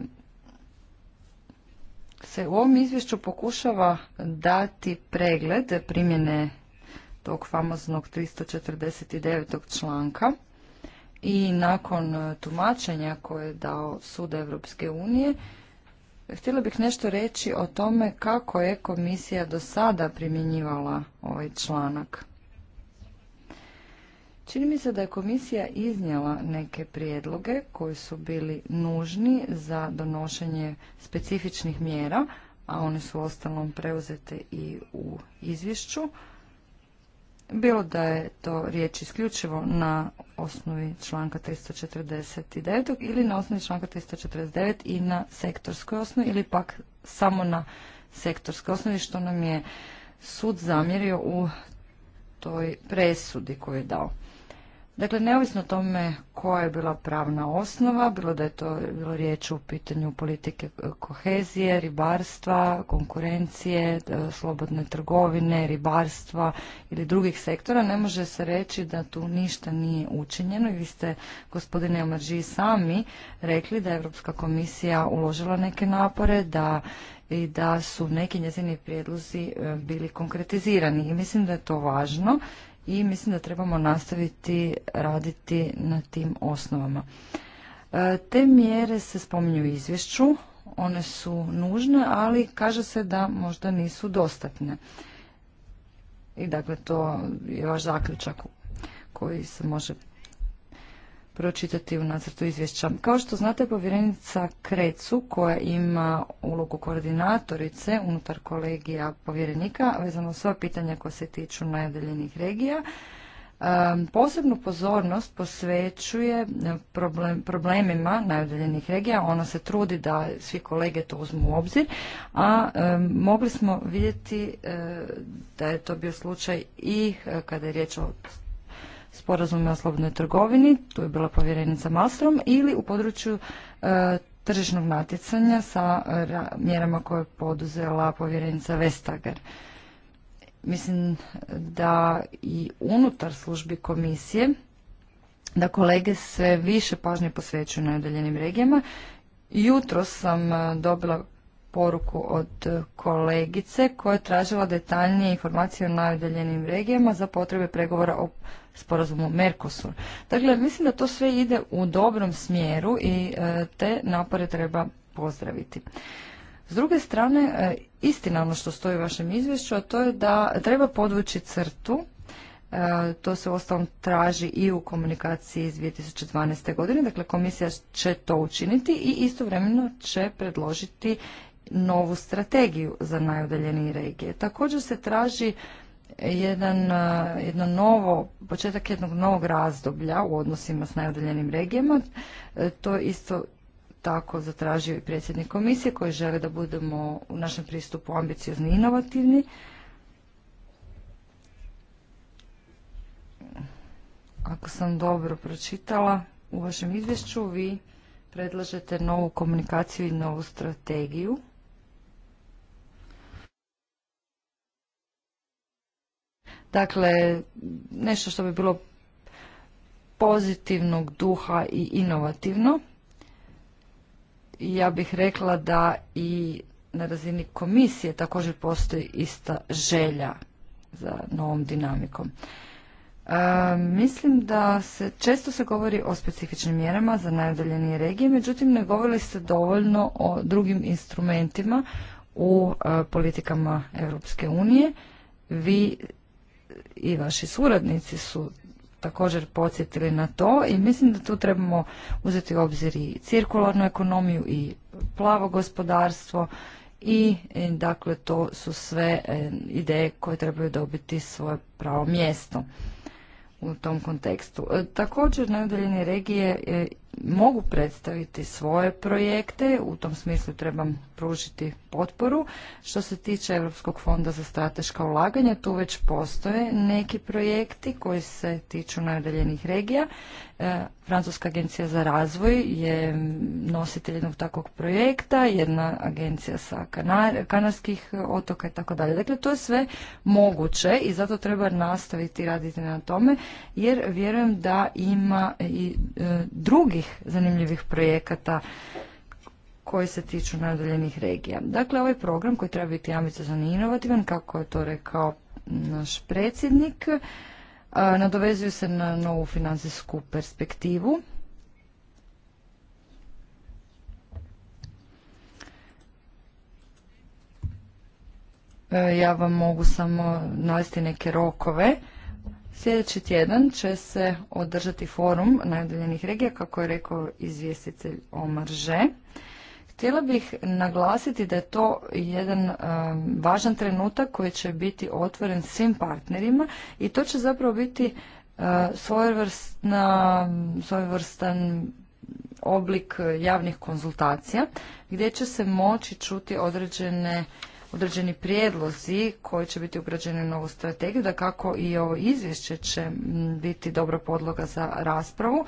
se u ovom izvješću pokušava dati pregled primjene tog famoznog 349. članka i nakon e, tumačenja koje je dao Sud Evropske unije, htjela bih nešto reći o tome kako je komisija do sada primjenjivala ovaj članak. Čini mi se da je komisija iznijela neke prijedloge koji su bili nužni za donošenje specifičnih mjera, a one su ostalom preuzete i u izvješću bilo da je to riječ isključivo na osnovi članka 349. ili na osnovi članka 349 i na sektorskoj osnovi ili pak samo na sektorskoj osnovi što nam je sud zamjerio u toj presudi koju je dao. Dakle, neovisno o tome koja je bila pravna osnova, bilo da je to bilo riječ u pitanju politike e, kohezije, ribarstva, konkurencije, e, slobodne trgovine, ribarstva ili drugih sektora, ne može se reći da tu ništa nije učinjeno i vi ste, gospodine Omarži, sami rekli da je Europska komisija uložila neke napore, da i da su neki njezini prijedlozi e, bili konkretizirani i mislim da je to važno i mislim da trebamo nastaviti raditi na tim osnovama. E, te mjere se spominju u izvješću, one su nužne, ali kaže se da možda nisu dostatne. I dakle, to je vaš zaključak koji se može pročitati u nacrtu izvješća. Kao što znate, povjerenica Krecu, koja ima ulogu koordinatorice unutar kolegija povjerenika, vezano sva pitanja koja se tiču najdeljenih regija, Posebnu pozornost posvećuje problemima najodeljenih regija. Ona se trudi da svi kolege to uzmu u obzir, a mogli smo vidjeti eh, da je to bio slučaj i eh, kada je riječ o sporazume o slobodnoj trgovini, tu je bila povjerenica Malstrom, ili u području e, tržišnog natjecanja sa e, mjerama koje je poduzela povjerenica Vestager. Mislim da i unutar službi komisije da kolege sve više pažnje posvećuju udaljenim regijama. Jutro sam e, dobila poruku od kolegice koja je tražila detaljnije informacije o najudaljenim regijama za potrebe pregovora o sporazumu Mercosur. Dakle, mislim da to sve ide u dobrom smjeru i e, te napore treba pozdraviti. S druge strane, e, istina ono što stoji u vašem izvješću, a to je da treba podvući crtu e, to se ostalom traži i u komunikaciji iz 2012. godine, dakle komisija će to učiniti i istovremeno će predložiti novu strategiju za najudaljenije regije. Također se traži jedan, jedno novo, početak jednog novog razdoblja u odnosima s najudaljenim regijama. E, to isto tako zatražio i predsjednik komisije koji žele da budemo u našem pristupu ambiciozni i inovativni. Ako sam dobro pročitala u vašem izvješću, vi predlažete novu komunikaciju i novu strategiju Dakle, nešto što bi bilo pozitivnog duha i inovativno. Ja bih rekla da i na razini komisije također postoji ista želja za novom dinamikom. E, mislim da se često se govori o specifičnim mjerama za najodaljenije regije, međutim ne govori se dovoljno o drugim instrumentima u e, politikama Europske unije. Vi i vaši suradnici su također podsjetili na to i mislim da tu trebamo uzeti u obzir i cirkularnu ekonomiju i plavo gospodarstvo i e, dakle to su sve e, ideje koje trebaju dobiti svoje pravo mjesto u tom kontekstu. E, također udaljeni regije mogu predstaviti svoje projekte, u tom smislu trebam pružiti potporu. Što se tiče Europskog fonda za strateška ulaganja, tu već postoje neki projekti koji se tiču nadaljenih regija. E, Francuska agencija za razvoj je nositelj jednog takvog projekta, jedna agencija sa kanar, kanarskih otoka i tako dalje. Dakle, to je sve moguće i zato treba nastaviti raditi na tome, jer vjerujem da ima i e, drugih zanimljivih projekata koji se tiču nadaljenih regija. Dakle, ovaj program koji treba biti ambiciozan i inovativan, kako je to rekao naš predsjednik, nadovezuju se na novu financijsku perspektivu. E, ja vam mogu samo navesti neke rokove. Sljedeći tjedan će se održati forum najudaljenih regija, kako je rekao izvjestitelj Omarže. Htjela bih naglasiti da je to jedan e, važan trenutak koji će biti otvoren svim partnerima i to će zapravo biti uh, svojevrstan oblik javnih konzultacija gdje će se moći čuti određene određeni prijedlozi koji će biti ugrađeni u novu strategiju, da kako i ovo izvješće će biti dobra podloga za raspravu.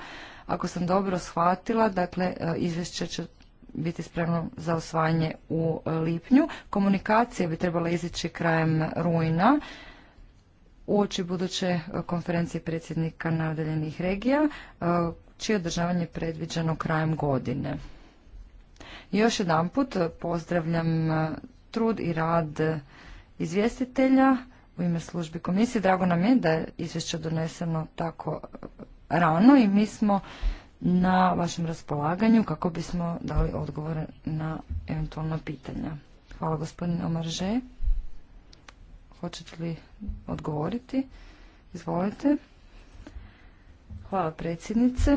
Ako sam dobro shvatila, dakle, e, izvješće će biti spremno za osvajanje u e, lipnju. Komunikacija bi trebala izići krajem rujna oči buduće e, konferencije predsjednika nadaljenih regija, čije održavanje je predviđeno krajem godine. Još jedan put pozdravljam trud i rad izvjestitelja u ime službi komisije. Drago nam je da je izvješće doneseno tako e, rano i mi smo na vašem raspolaganju kako bismo dali odgovore na eventualna pitanja. Hvala gospodine Omarže. Hoćete li odgovoriti? Izvolite. Hvala predsjednice.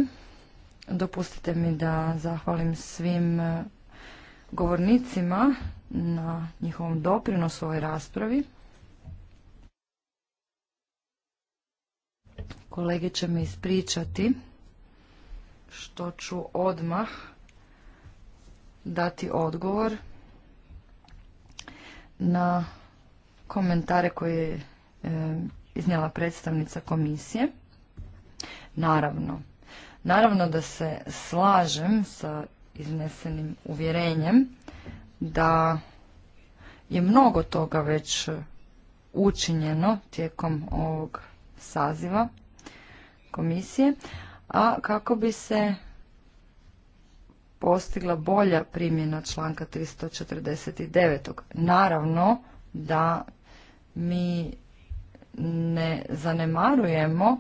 Dopustite mi da zahvalim svim e, govornicima na njihovom doprinosu ovoj raspravi. Kolege će me ispričati što ću odmah dati odgovor na komentare koje je e, iznijela predstavnica komisije. Naravno, naravno da se slažem sa iznesenim uvjerenjem da je mnogo toga već učinjeno tijekom ovog saziva komisije, a kako bi se postigla bolja primjena članka 349. Naravno da mi ne zanemarujemo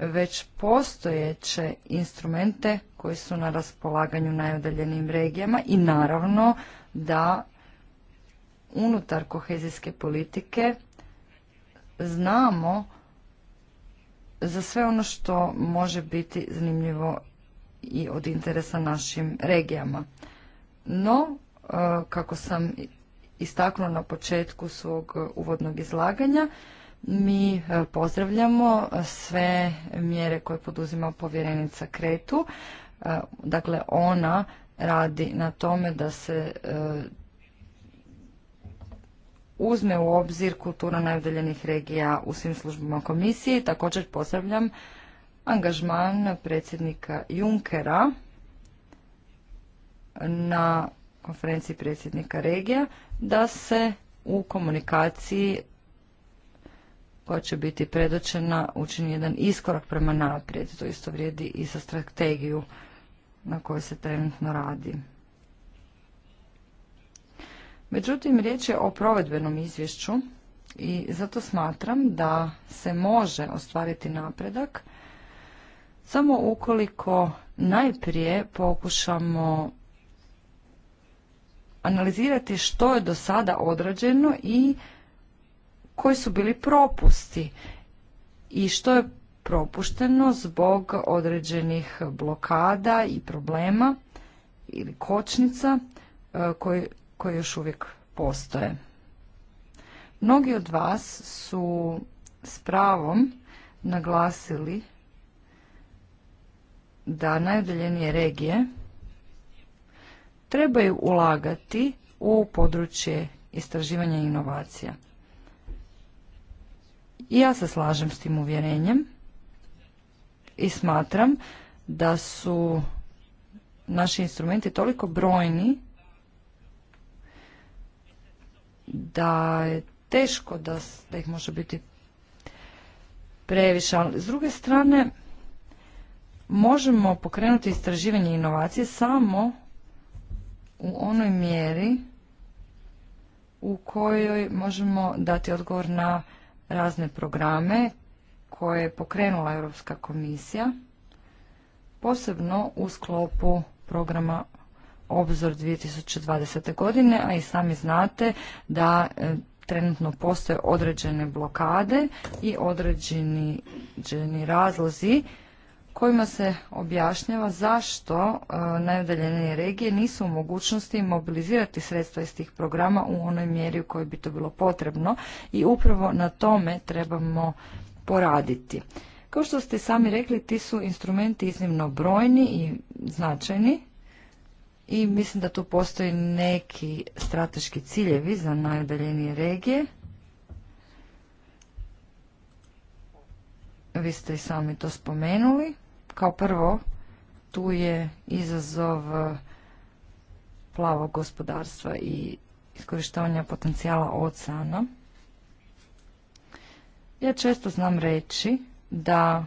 već postojeće instrumente koji su na raspolaganju najodaljenim regijama i naravno da unutar kohezijske politike znamo za sve ono što može biti zanimljivo i od interesa našim regijama. No, e, kako sam istaknula na početku svog uvodnog izlaganja, mi e, pozdravljamo sve mjere koje poduzima povjerenica Kretu. Dakle, ona radi na tome da se e, uzme u obzir kultura najudeljenih regija u svim službama komisije. Također pozdravljam angažman predsjednika Junkera na konferenciji predsjednika regija da se u komunikaciji koja će biti predočena učini jedan iskorak prema naprijed. To isto vrijedi i za strategiju na kojoj se trenutno radi. Međutim, riječ je o provedbenom izvješću i zato smatram da se može ostvariti napredak samo ukoliko najprije pokušamo analizirati što je do sada odrađeno i koji su bili propusti i što je propušteno zbog određenih blokada i problema ili kočnica e, koje, još uvijek postoje. Mnogi od vas su s pravom naglasili da najudaljenije regije trebaju ulagati u područje istraživanja i inovacija. I ja se slažem s tim uvjerenjem i smatram da su naši instrumenti toliko brojni da je teško da, ih može biti previše. Ali s druge strane, možemo pokrenuti istraživanje inovacije samo u onoj mjeri u kojoj možemo dati odgovor na razne programe koje je pokrenula Europska komisija, posebno u sklopu programa Obzor 2020. godine, a i sami znate da e, trenutno postoje određene blokade i određeni razlozi kojima se objašnjava zašto e, najudaljenije regije nisu u mogućnosti mobilizirati sredstva iz tih programa u onoj mjeri u kojoj bi to bilo potrebno i upravo na tome trebamo poraditi. Kao što ste sami rekli, ti su instrumenti iznimno brojni i značajni i mislim da tu postoji neki strateški ciljevi za najudaljenije regije. Vi ste i sami to spomenuli. Kao prvo, tu je izazov plavog gospodarstva i iskorištavanja potencijala oceana. Ja često znam reći da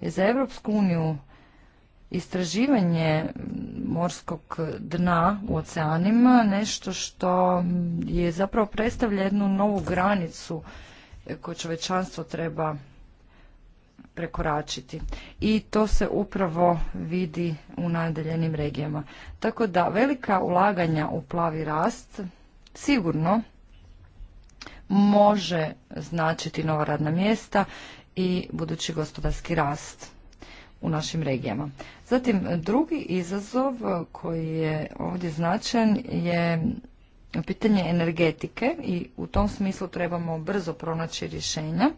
je za Europsku uniju istraživanje morskog dna u oceanima nešto što je zapravo predstavlja jednu novu granicu koju čovečanstvo treba prekoračiti. I to se upravo vidi u najdaljenim regijama. Tako da velika ulaganja u plavi rast sigurno može značiti nova radna mjesta i budući gospodarski rast u našim regijama. Zatim, drugi izazov koji je ovdje značajan je pitanje energetike i u tom smislu trebamo brzo pronaći rješenja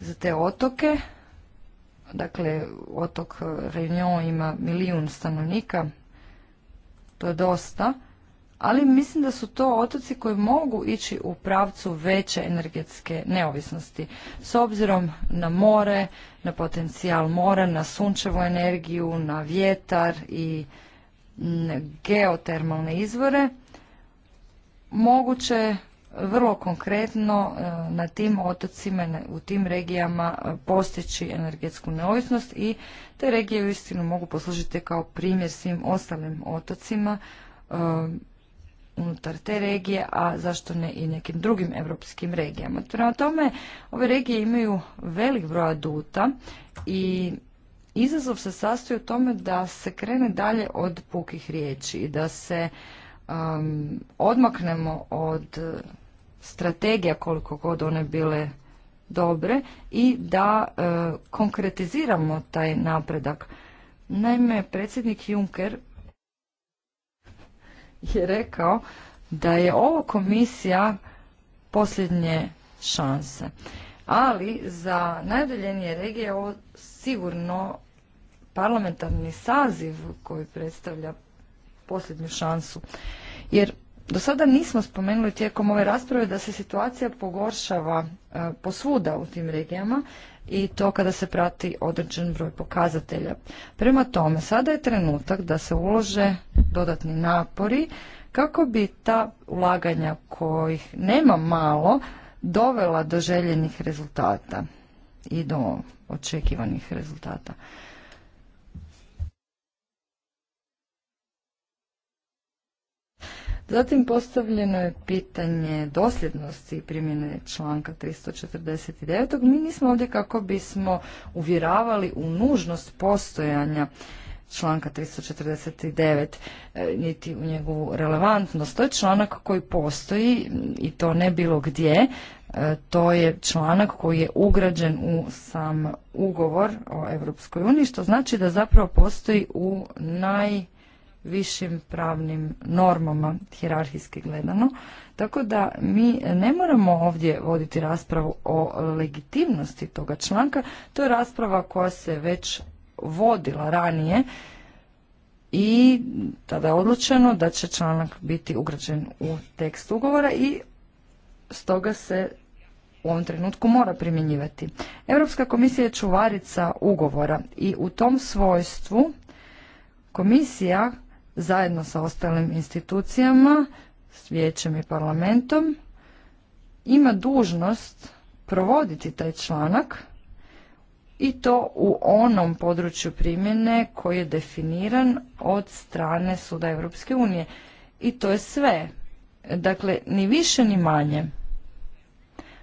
za te otoke. Dakle, otok Reunion ima milijun stanovnika, to je dosta ali mislim da su to otoci koji mogu ići u pravcu veće energetske neovisnosti. S obzirom na more, na potencijal mora, na sunčevu energiju, na vjetar i geotermalne izvore, moguće vrlo konkretno e, na tim otocima, u tim regijama e, postići energetsku neovisnost i te regije uistinu mogu poslužiti kao primjer svim ostalim otocima e, unutar te regije, a zašto ne i nekim drugim europskim regijama. Prema tome, ove regije imaju velik broj aduta i izazov se sastoji u tome da se krene dalje od pukih riječi i da se um, odmaknemo od strategija koliko god one bile dobre i da uh, konkretiziramo taj napredak. Naime, predsjednik Juncker je rekao da je ovo komisija posljednje šanse. Ali za najudeljenije regije ovo sigurno parlamentarni saziv koji predstavlja posljednju šansu. Jer do sada nismo spomenuli tijekom ove rasprave da se situacija pogoršava e, posvuda u tim regijama i to kada se prati određen broj pokazatelja. Prema tome, sada je trenutak da se ulože dodatni napori kako bi ta ulaganja kojih nema malo dovela do željenih rezultata i do očekivanih rezultata. Zatim postavljeno je pitanje dosljednosti primjene članka 349. Mi nismo ovdje kako bismo uvjeravali u nužnost postojanja članka 349, e, niti u njegovu relevantnost. To je članak koji postoji i to ne bilo gdje. E, to je članak koji je ugrađen u sam ugovor o Europskoj uniji, što znači da zapravo postoji u naj višim pravnim normama, hirarhijski gledano. Tako da mi ne moramo ovdje voditi raspravu o legitimnosti toga članka. To je rasprava koja se već vodila ranije i tada je odlučeno da će članak biti ugrađen u tekst ugovora i stoga se u ovom trenutku mora primjenjivati. Europska komisija je čuvarica ugovora i u tom svojstvu komisija zajedno sa ostalim institucijama, s vijećem i parlamentom, ima dužnost provoditi taj članak i to u onom području primjene koji je definiran od strane Suda Europske unije. I to je sve. Dakle, ni više ni manje.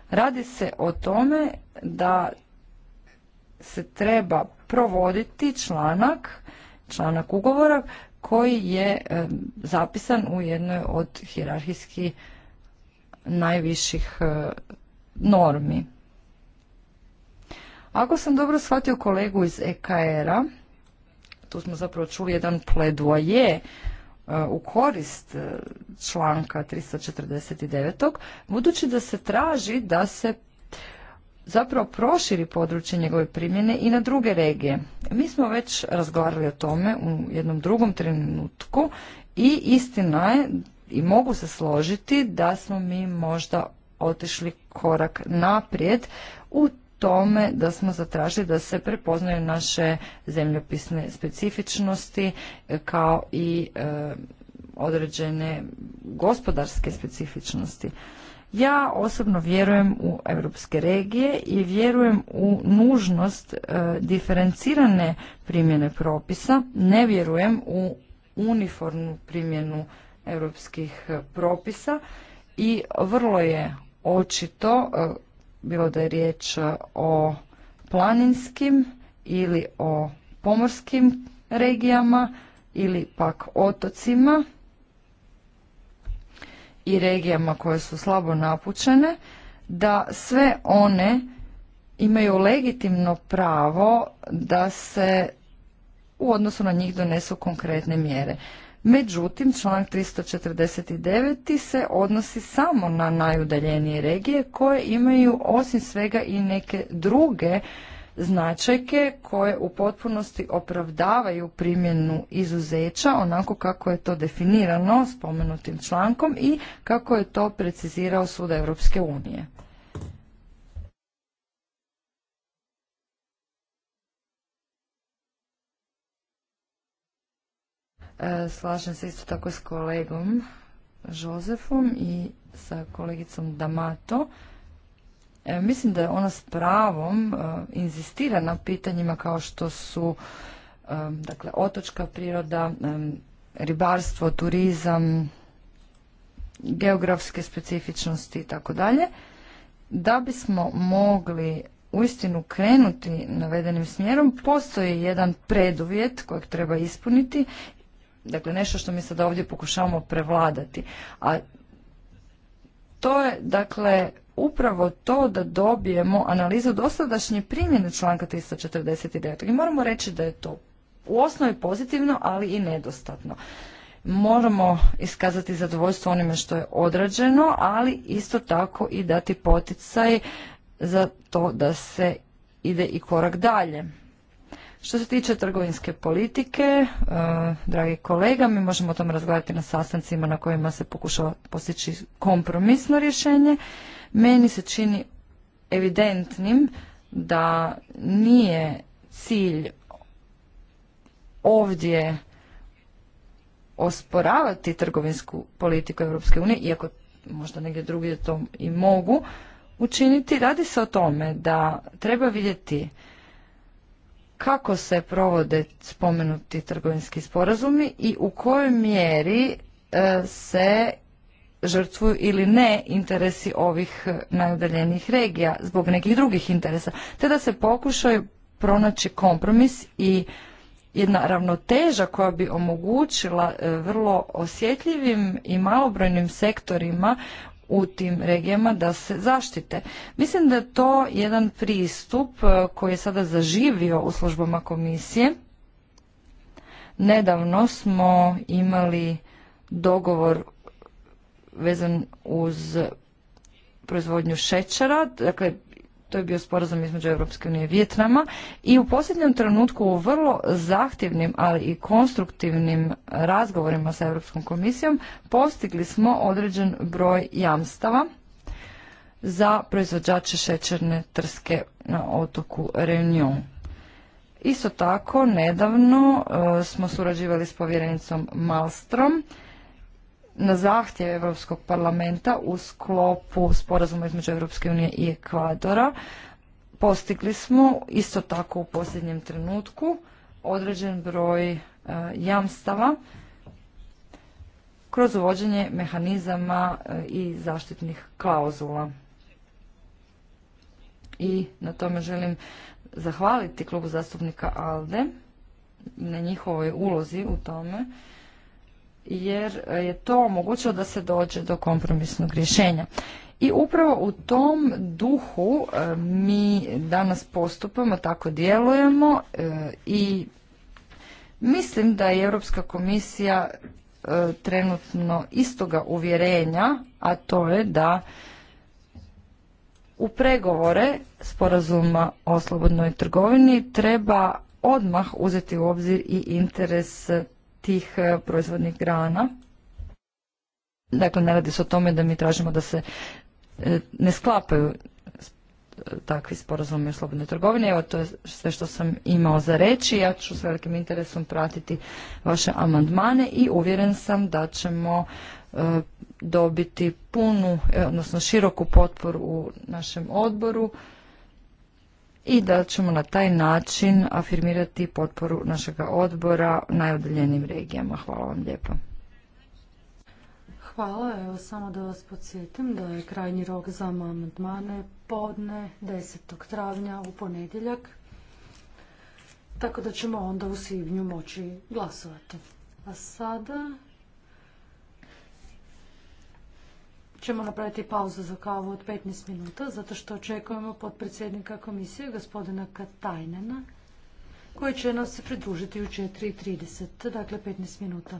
Radi se o tome da se treba provoditi članak, članak ugovora koji je zapisan u jednoj od hijerarhijski najviših e, normi. Ako sam dobro shvatio kolegu iz EKR-a, tu smo zapravo čuli jedan pledoje e, u korist e, članka 349. budući da se traži da se zapravo proširi područje njegove primjene i na druge regije. Mi smo već razgovarali o tome u jednom drugom trenutku i istina je i mogu se složiti da smo mi možda otišli korak naprijed u tome da smo zatražili da se prepoznaju naše zemljopisne specifičnosti kao i e, određene gospodarske specifičnosti. Ja osobno vjerujem u europske regije i vjerujem u nužnost e, diferencirane primjene propisa, ne vjerujem u uniformnu primjenu europskih e, propisa i vrlo je očito, e, bilo da je riječ o planinskim ili o pomorskim regijama ili pak otocima, i regijama koje su slabo napućene da sve one imaju legitimno pravo da se u odnosu na njih donesu konkretne mjere. Međutim, članak 349. se odnosi samo na najudaljenije regije koje imaju osim svega i neke druge značajke koje u potpunosti opravdavaju primjenu izuzeća onako kako je to definirano spomenutim člankom i kako je to precizirao Sud Europske unije. E, slažem se isto tako s kolegom Žozefom i sa kolegicom Damato. E, mislim da je ona s pravom e, inzistira na pitanjima kao što su e, dakle, otočka priroda, ribarstvo, turizam, geografske specifičnosti i tako dalje, da bismo mogli uistinu krenuti navedenim smjerom, postoji jedan preduvjet kojeg treba ispuniti, dakle nešto što mi sada ovdje pokušavamo prevladati. A to je, dakle, upravo to da dobijemo analizu dosadašnje primjene članka 349. I moramo reći da je to u osnovi pozitivno, ali i nedostatno. Moramo iskazati zadovoljstvo onime što je odrađeno, ali isto tako i dati poticaj za to da se ide i korak dalje. Što se tiče trgovinske politike, e, dragi kolega, mi možemo o tom razgovarati na sastancima na kojima se pokušava postići kompromisno rješenje. Meni se čini evidentnim da nije cilj ovdje osporavati trgovinsku politiku Europske unije, iako možda negdje drugdje to i mogu učiniti. Radi se o tome da treba vidjeti kako se provode spomenuti trgovinski sporazumi i u kojoj mjeri e, se žrtvuju ili ne interesi ovih eh, najudaljenijih regija zbog nekih drugih interesa, te da se pokušaju pronaći kompromis i jedna ravnoteža koja bi omogućila eh, vrlo osjetljivim i malobrojnim sektorima u tim regijama da se zaštite. Mislim da je to jedan pristup eh, koji je sada zaživio u službama komisije. Nedavno smo imali dogovor vezan uz proizvodnju šećera, dakle to je bio sporazum između Europske unije i Vjetnama i u posljednjem trenutku u vrlo zahtjevnim, ali i konstruktivnim razgovorima sa Europskom komisijom postigli smo određen broj jamstava za proizvođače šećerne trske na otoku Reunion. Isto tako, nedavno e, smo surađivali s povjerenicom Malstrom na zahtjev Europskog parlamenta u sklopu sporazuma između Europske unije i Ekvadora postigli smo isto tako u posljednjem trenutku određen broj e, jamstava kroz uvođenje mehanizama e, i zaštitnih klauzula. I na tome želim zahvaliti klubu zastupnika ALDE na njihovoj ulozi u tome jer e, je to omogućilo da se dođe do kompromisnog rješenja. I upravo u tom duhu e, mi danas postupamo, tako djelujemo e, i mislim da je Europska komisija trenutno istoga uvjerenja, a to je da u pregovore sporazuma o slobodnoj trgovini treba odmah uzeti u obzir i interes tih e, proizvodnih grana. Dakle, ne radi se o tome da mi tražimo da se e, ne sklapaju e, takvi sporazumi o slobodnoj trgovini. Evo, to je sve što sam imao za reći. Ja ću s velikim interesom pratiti vaše amandmane i uvjeren sam da ćemo dobiti punu, odnosno široku potporu u našem odboru i da ćemo na taj način afirmirati potporu našega odbora najodeljenim regijama. Hvala vam lijepo. Hvala. Evo samo da vas podsjetim da je krajnji rok za amandmane podne 10. travnja u ponedjeljak. Tako da ćemo onda u svibnju moći glasovati. A sada ćemo napraviti pauzu za kavu od 15 minuta, zato što očekujemo potpredsjednika komisije, gospodina Katajnena, koji će nas se pridružiti u 4.30, dakle 15 minuta.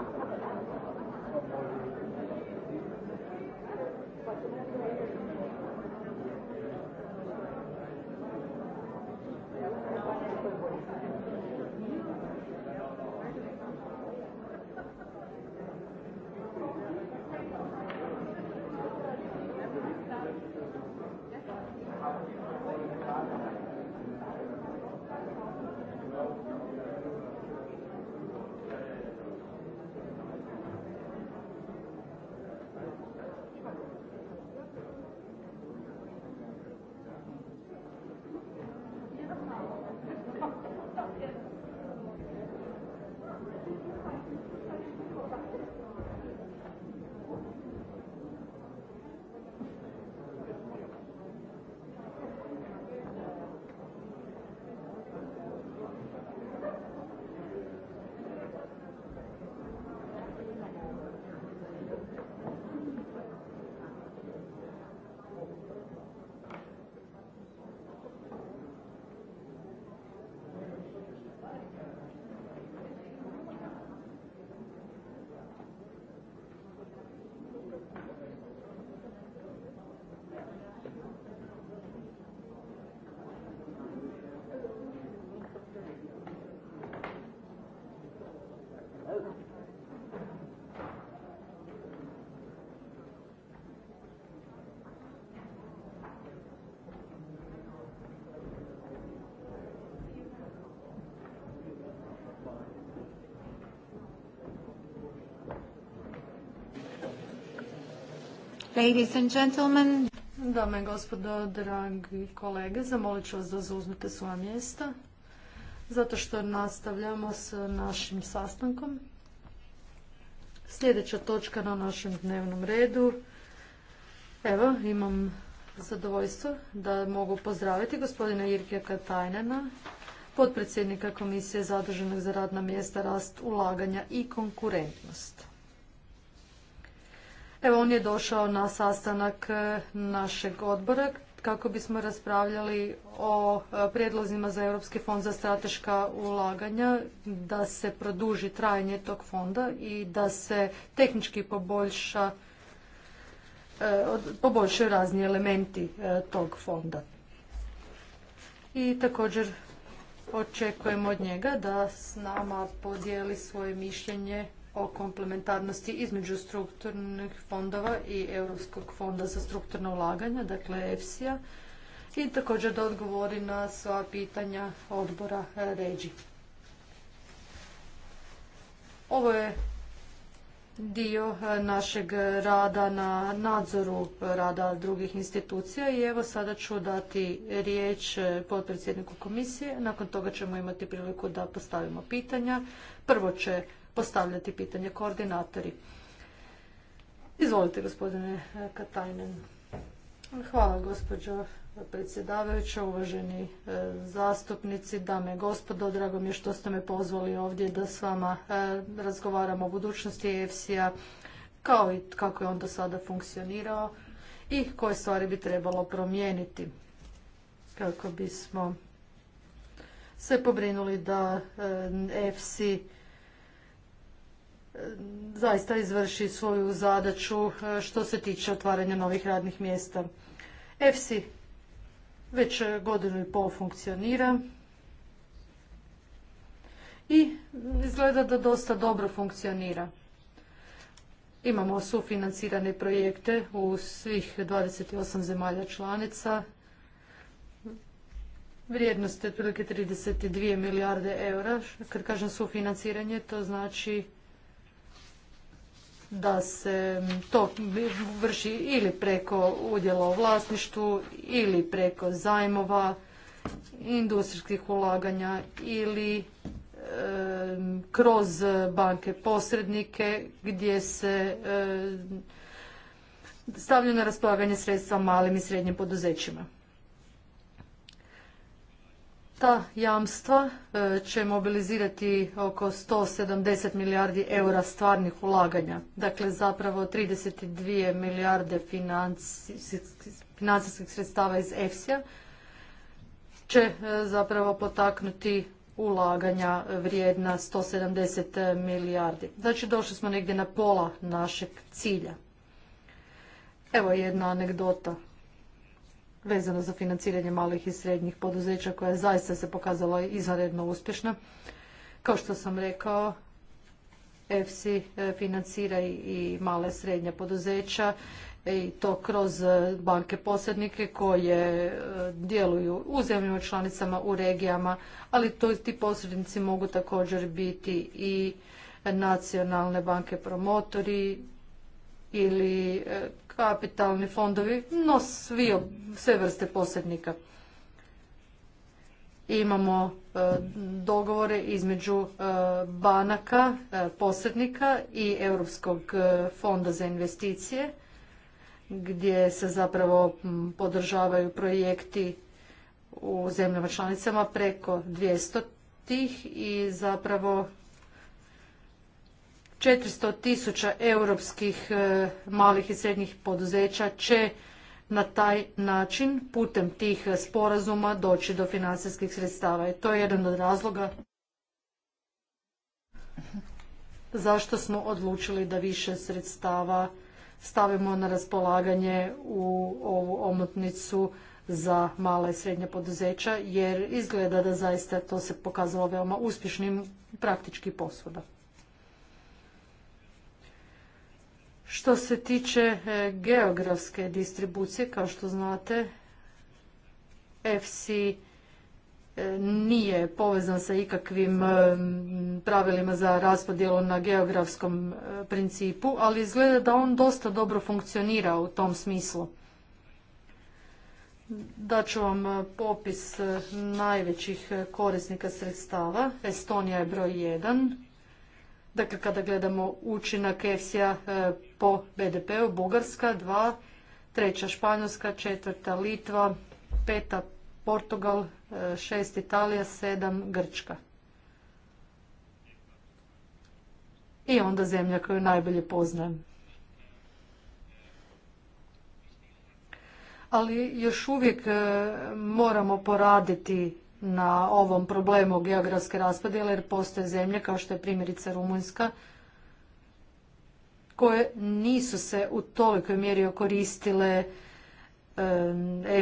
Hvala Ladies and gentlemen. Dame i gospodo, dragi kolege, zamolit ću vas da zauzmete svoja mjesta, zato što nastavljamo s našim sastankom. Sljedeća točka na našem dnevnom redu. Evo, imam zadovoljstvo da mogu pozdraviti gospodina Irke Katajnena, potpredsjednika Komisije zaduženog za radna mjesta, rast, ulaganja i konkurentnost. Evo, on je došao na sastanak e, našeg odbora kako bismo raspravljali o e, prijedlozima za Europski fond za strateška ulaganja, da se produži trajanje tog fonda i da se tehnički poboljša, e, poboljšaju razni elementi tog fonda. I također očekujemo od njega da s nama podijeli svoje mišljenje o komplementarnosti između strukturnih fondova i Europskog fonda za strukturno ulaganja, dakle EFSI-a, i također da odgovori na sva pitanja odbora REđi. Ovo je dio e, našeg rada na nadzoru rada drugih institucija i evo sada ću dati riječ e, potpredsjedniku komisije. Nakon toga ćemo imati priliku da postavimo pitanja. Prvo će postavljati pitanje koordinatori. Izvolite, gospodine eh, Katajnen. Hvala, gospođo predsjedavajuća, uvaženi eh, zastupnici, dame i gospodo. Drago mi je što ste me pozvali ovdje da s vama eh, razgovaramo o budućnosti EFSI-a, kao i kako je on do sada funkcionirao i koje stvari bi trebalo promijeniti kako bismo se pobrinuli da EFSI zaista izvrši svoju zadaću e, što se tiče otvaranja novih radnih mjesta. EFSI već e, godinu i pol funkcionira i izgleda da dosta dobro funkcionira. Imamo sufinancirane projekte u svih 28 zemalja članica. Vrijednost je otprilike 32 milijarde eura. Kad kažem sufinanciranje, to znači da se to vrši ili preko udjela u vlasništvu ili preko zajmova, industrijskih ulaganja ili kroz banke posrednike gdje se e, stavljaju na raspolaganje sredstva malim i srednjim poduzećima. Ta jamstva e, će mobilizirati oko 170 milijardi eura stvarnih ulaganja. Dakle, zapravo 32 milijarde financijskih sredstava iz EFSI-a će e, zapravo potaknuti ulaganja vrijedna 170 milijardi. Znači, došli smo negdje na pola našeg cilja. Evo jedna anegdota vezano za financiranje malih i srednjih poduzeća koja zaista se pokazala izvanredno uspješna. Kao što sam rekao, EFSI financira i male srednja poduzeća i to kroz e, banke posrednike koje e, djeluju u zemljama članicama, u regijama, ali to, ti posrednici mogu također biti i nacionalne banke promotori ili e, kapitalni fondovi, no svi, sve vrste posrednika. Imamo e, dogovore između e, banaka, e, posrednika i Europskog fonda za investicije, gdje se zapravo podržavaju projekti u zemljama članicama preko 200 tih i zapravo 400 tisuća europskih e, malih i srednjih poduzeća će na taj način putem tih sporazuma doći do financijskih sredstava. I to je jedan od razloga zašto smo odlučili da više sredstava stavimo na raspolaganje u ovu omotnicu za mala i srednja poduzeća, jer izgleda da zaista to se pokazalo veoma uspješnim praktički posvuda. Što se tiče e, geografske distribucije, kao što znate, FC e, nije povezan sa ikakvim e, pravilima za raspodjelu na geografskom principu, ali izgleda da on dosta dobro funkcionira u tom smislu. Daću vam popis najvećih korisnika sredstava. Estonija je broj 1, Dakle, kada gledamo učinak efsi po BDP-u, Bugarska dva, treća Španjolska, četvrta Litva, peta Portugal, e, šest Italija, sedam Grčka. I onda zemlja koju najbolje poznajem. Ali još uvijek e, moramo poraditi na ovom problemu geografske raspodjele jer postoje zemlje kao što je primjerice Rumunjska koje nisu se u tolikoj mjeri okoristile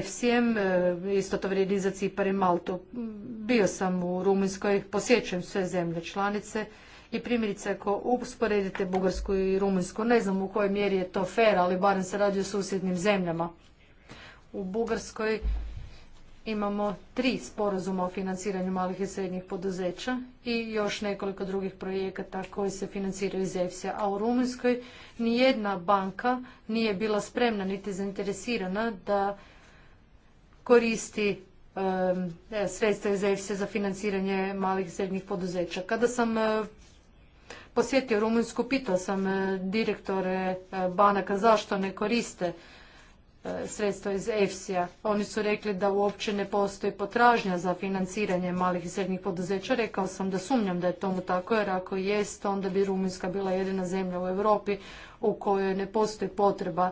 FCM, isto to vrijedi za Cipar i Maltu. Bio sam u Rumunjskoj, posjećujem sve zemlje članice i primjerice ako usporedite Bugarsku i Rumunjsku, ne znam u kojoj mjeri je to fair, ali barem se radi o susjednim zemljama. U Bugarskoj imamo tri sporazuma o financiranju malih i srednjih poduzeća i još nekoliko drugih projekata koji se financiraju iz EFSA. a u Rumunjskoj nijedna banka nije bila spremna niti zainteresirana da koristi sredstva iz EFSA za financiranje malih i srednjih poduzeća. Kada sam e, posjetio Rumunjsku, pitao sam e, direktore e, banaka zašto ne koriste sredstva iz EFSI-a. Oni su rekli da uopće ne postoji potražnja za financiranje malih i srednjih poduzeća. Rekao sam da sumnjam da je tomu tako, jer ako jest, onda bi Rumunjska bila jedina zemlja u Europi u kojoj ne postoji potreba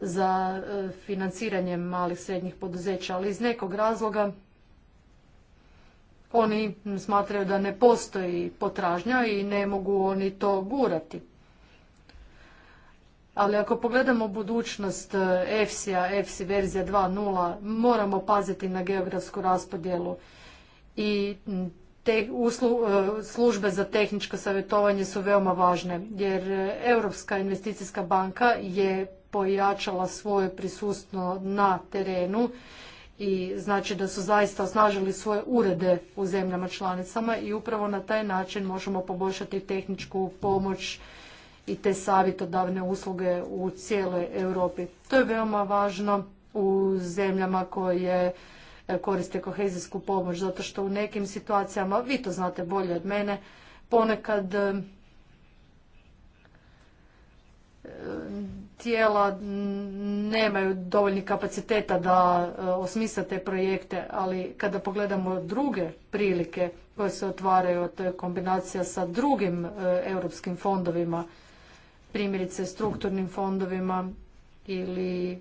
za e, financiranje malih i srednjih poduzeća. Ali iz nekog razloga oni smatraju da ne postoji potražnja i ne mogu oni to gurati ali ako pogledamo budućnost EFSI-a, EFSI verzija 2.0, moramo paziti na geografsku raspodjelu i te e, službe za tehničko savjetovanje su veoma važne, jer e, Europska investicijska banka je pojačala svoje prisustvo na terenu i znači da su zaista osnažili svoje urede u zemljama članicama i upravo na taj način možemo poboljšati tehničku pomoć i te savjetodavne usluge u cijeloj Europi. To je veoma važno u zemljama koje e, koriste kohezijsku pomoć, zato što u nekim situacijama, vi to znate bolje od mene, ponekad e, tijela nemaju dovoljnih kapaciteta da e, osmisle te projekte, ali kada pogledamo druge prilike koje se otvaraju, to je kombinacija sa drugim europskim fondovima, primjerice strukturnim fondovima ili e,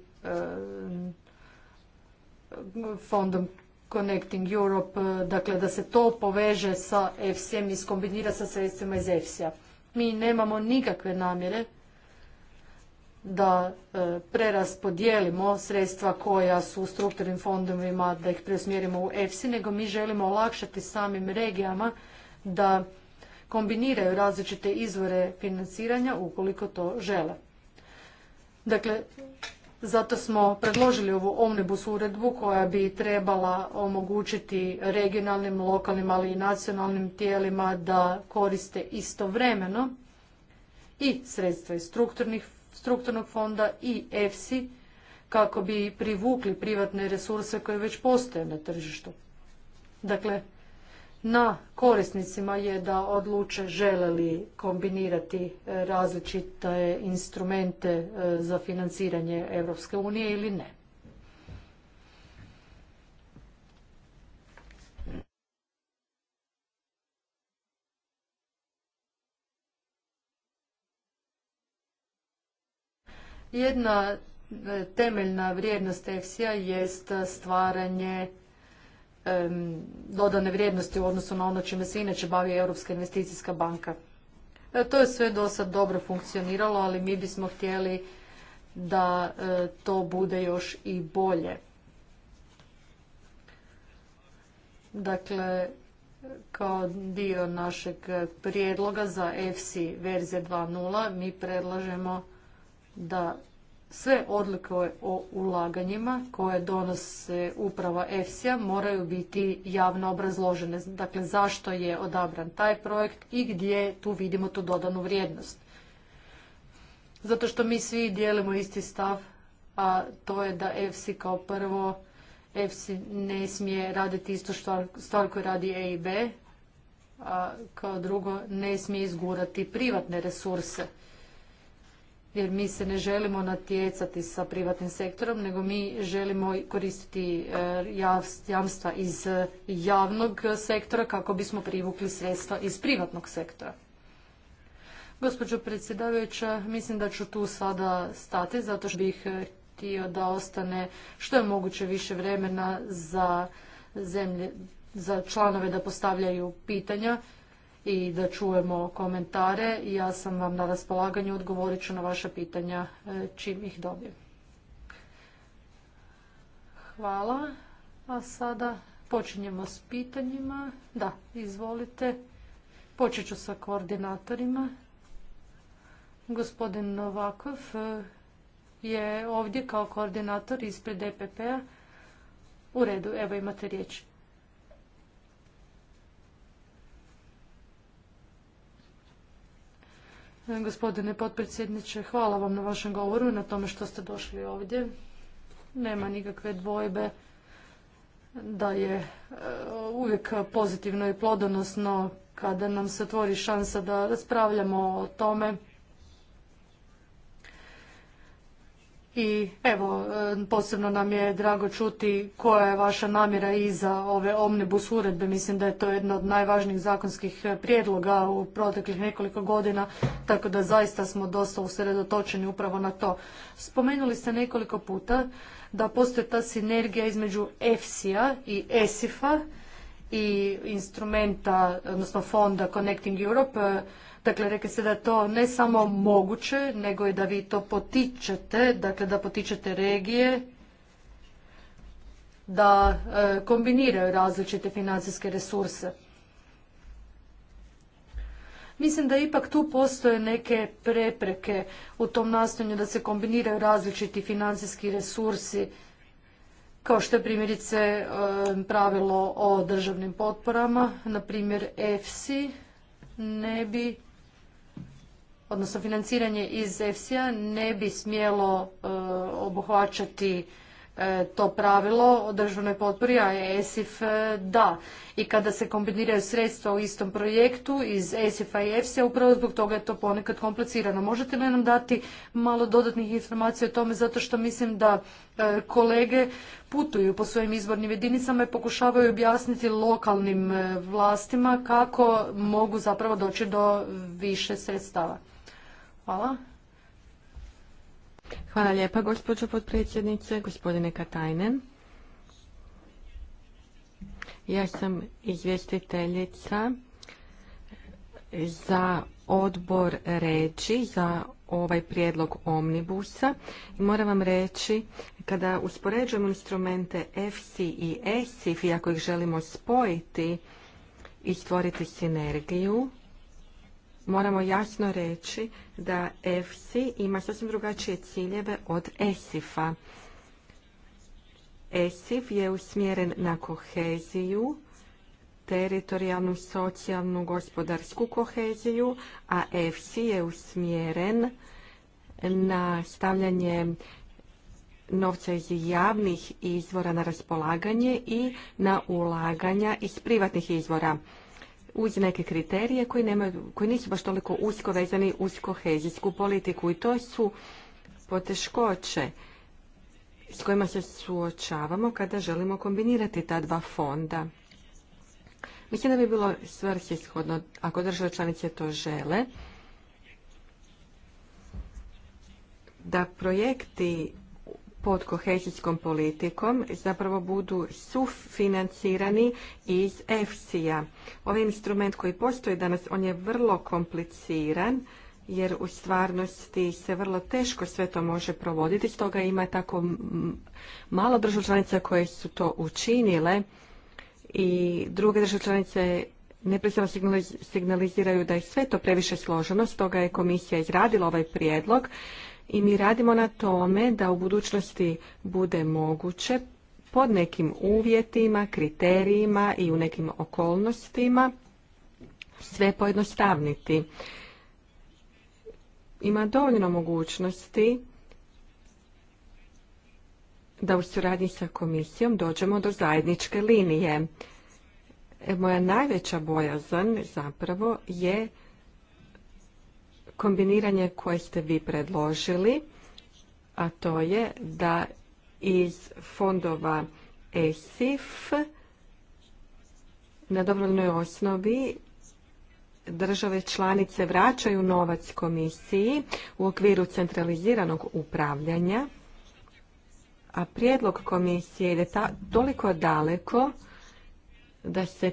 fondom Connecting Europe, e, dakle da se to poveže sa EFSI-em i skombinira sa sredstvima iz EFSI-a. Mi nemamo nikakve namjere da e, preraspodijelimo sredstva koja su u strukturnim fondovima, da ih preusmjerimo u EFSI, nego mi želimo olakšati samim regijama da kombiniraju različite izvore financiranja ukoliko to žele. Dakle, zato smo predložili ovu omnibus uredbu koja bi trebala omogućiti regionalnim, lokalnim, ali i nacionalnim tijelima da koriste istovremeno i sredstva iz strukturnog fonda i EFSI kako bi privukli privatne resurse koje već postoje na tržištu. Dakle, na korisnicima je da odluče žele li kombinirati e, različite instrumente e, za financiranje Europske unije ili ne. Jedna e, temeljna vrijednost EFSI-a jest stvaranje dodane vrijednosti u odnosu na ono čime se inače bavi Europska investicijska banka. E, to je sve do sad dobro funkcioniralo, ali mi bismo htjeli da e, to bude još i bolje. Dakle, kao dio našeg prijedloga za EFSI verzije 2.0 mi predlažemo da sve odluke o ulaganjima koje donose uprava EFSI-a moraju biti javno obrazložene. Dakle, zašto je odabran taj projekt i gdje tu vidimo tu dodanu vrijednost. Zato što mi svi dijelimo isti stav, a to je da EFSI kao prvo, EFSI ne smije raditi isto stvar, stvar koju radi EIB, a kao drugo ne smije izgurati privatne resurse jer mi se ne želimo natjecati sa privatnim sektorom, nego mi želimo koristiti e, jamstva iz e, javnog sektora kako bismo privukli sredstva iz privatnog sektora. Gospođo predsjedavajuća, mislim da ću tu sada stati, zato što bih e, htio da ostane što je moguće više vremena za za članove da postavljaju pitanja i da čujemo komentare. Ja sam vam na raspolaganju, odgovorit ću na vaša pitanja e, čim ih dobijem. Hvala. A sada počinjemo s pitanjima. Da, izvolite. Počet ću sa koordinatorima. Gospodin Novakov e, je ovdje kao koordinator ispred EPP-a. U redu, evo imate riječ. Gospodine potpredsjedniče, hvala vam na vašem govoru i na tome što ste došli ovdje. Nema nikakve dvojbe da je e, uvijek pozitivno i plodonosno kada nam se otvori šansa da raspravljamo o tome i evo, e, posebno nam je drago čuti koja je vaša namjera iza ove omnibus uredbe. Mislim da je to jedna od najvažnijih zakonskih prijedloga u proteklih nekoliko godina, tako da zaista smo dosta usredotočeni upravo na to. Spomenuli ste nekoliko puta da postoji ta sinergija između EFSI-a i ESIF-a i instrumenta, odnosno fonda Connecting Europe, Dakle, rekli ste da je to ne samo moguće, nego i da vi to potičete, dakle da potičete regije da e, kombiniraju različite financijske resurse. Mislim da ipak tu postoje neke prepreke u tom nastojanju da se kombiniraju različiti financijski resursi, kao što je primjerice e, pravilo o državnim potporama, na primjer EFSI ne bi odnosno financiranje iz EFSI-a ne bi smjelo e, obuhvaćati e, to pravilo o državnoj potpori, a ESIF e, da. I kada se kombiniraju sredstva u istom projektu iz ESIF-a i EFSI-a, upravo zbog toga je to ponekad komplicirano. Možete li nam dati malo dodatnih informacija o tome, zato što mislim da kolege putuju po svojim izbornim jedinicama i pokušavaju objasniti lokalnim vlastima kako mogu zapravo doći do više sredstava. Hvala. Hvala lijepa, gospođo potpredsjednice, gospodine Katajnen. Ja sam izvjestiteljica za odbor reći, za ovaj prijedlog omnibusa. I moram vam reći, kada uspoređujemo instrumente FC i ESIF, i ako ih želimo spojiti i stvoriti sinergiju, moramo jasno reći da EFSI ima sasvim drugačije ciljeve od ESIF-a. ESIF je usmjeren na koheziju, teritorijalnu, socijalnu, gospodarsku koheziju, a EFSI je usmjeren na stavljanje novca iz javnih izvora na raspolaganje i na ulaganja iz privatnih izvora uz neke kriterije koji, nemaju, koji nisu baš toliko usko vezani uz kohezijsku politiku i to su poteškoće s kojima se suočavamo kada želimo kombinirati ta dva fonda. Mislim da bi bilo svrsishodno, ako države članice to žele, da projekti pod kohezijskom politikom zapravo budu sufinancirani iz EFSI-a. Ovaj instrument koji postoji danas, on je vrlo kompliciran jer u stvarnosti se vrlo teško sve to može provoditi, stoga ima tako malo država članica koje su to učinile i druge države članice neprestano signaliziraju da je sve to previše složeno, stoga je komisija izradila ovaj prijedlog i mi radimo na tome da u budućnosti bude moguće pod nekim uvjetima, kriterijima i u nekim okolnostima sve pojednostavniti. Ima dovoljno mogućnosti da u suradnji sa komisijom dođemo do zajedničke linije. E, moja najveća bojazan zapravo je kombiniranje koje ste vi predložili, a to je da iz fondova ESIF na dobrovoljnoj osnovi države članice vraćaju novac komisiji u okviru centraliziranog upravljanja, a prijedlog komisije ide ta, toliko daleko da se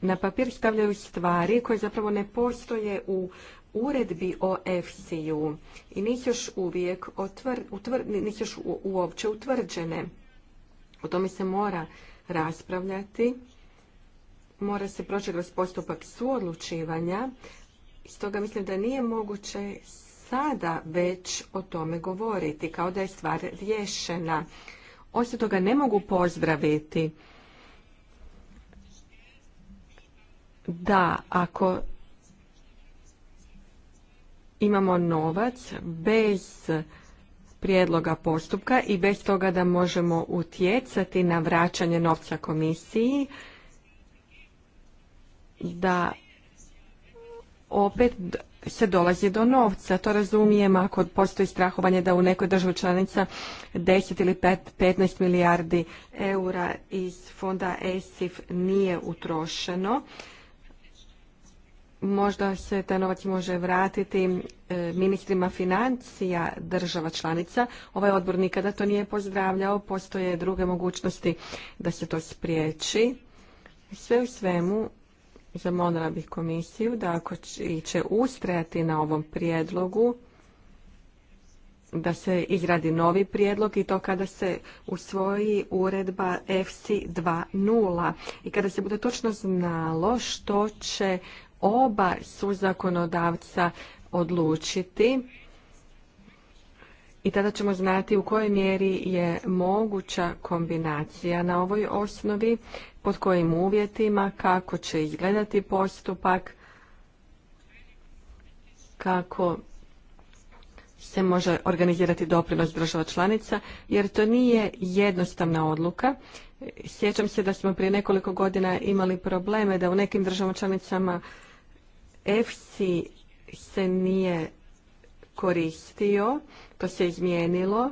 na papir stavljaju stvari koje zapravo ne postoje u uredbi o FCU i nisu još uvijek otvr, još u, uopće utvrđene. O tome se mora raspravljati, mora se proći kroz postupak suodlučivanja, stoga mislim da nije moguće sada već o tome govoriti, kao da je stvar riješena. Osim toga ne mogu pozdraviti da ako imamo novac bez prijedloga postupka i bez toga da možemo utjecati na vraćanje novca komisiji da opet se dolazi do novca. To razumijem ako postoji strahovanje da u nekoj državi članica 10 ili 15 milijardi eura iz fonda ESIF nije utrošeno možda se taj novac može vratiti e, ministrima financija država članica. Ovaj odbor nikada to nije pozdravljao, postoje druge mogućnosti da se to spriječi. Sve u svemu, zamolila bih komisiju da ako će ustrajati na ovom prijedlogu, da se izradi novi prijedlog i to kada se usvoji uredba FC 2.0 i kada se bude točno znalo što će oba su zakonodavca odlučiti i tada ćemo znati u kojoj mjeri je moguća kombinacija na ovoj osnovi, pod kojim uvjetima, kako će izgledati postupak, kako se može organizirati doprinos država članica, jer to nije jednostavna odluka. Sjećam se da smo prije nekoliko godina imali probleme da u nekim državama članicama FC se nije koristio, to pa se izmijenilo.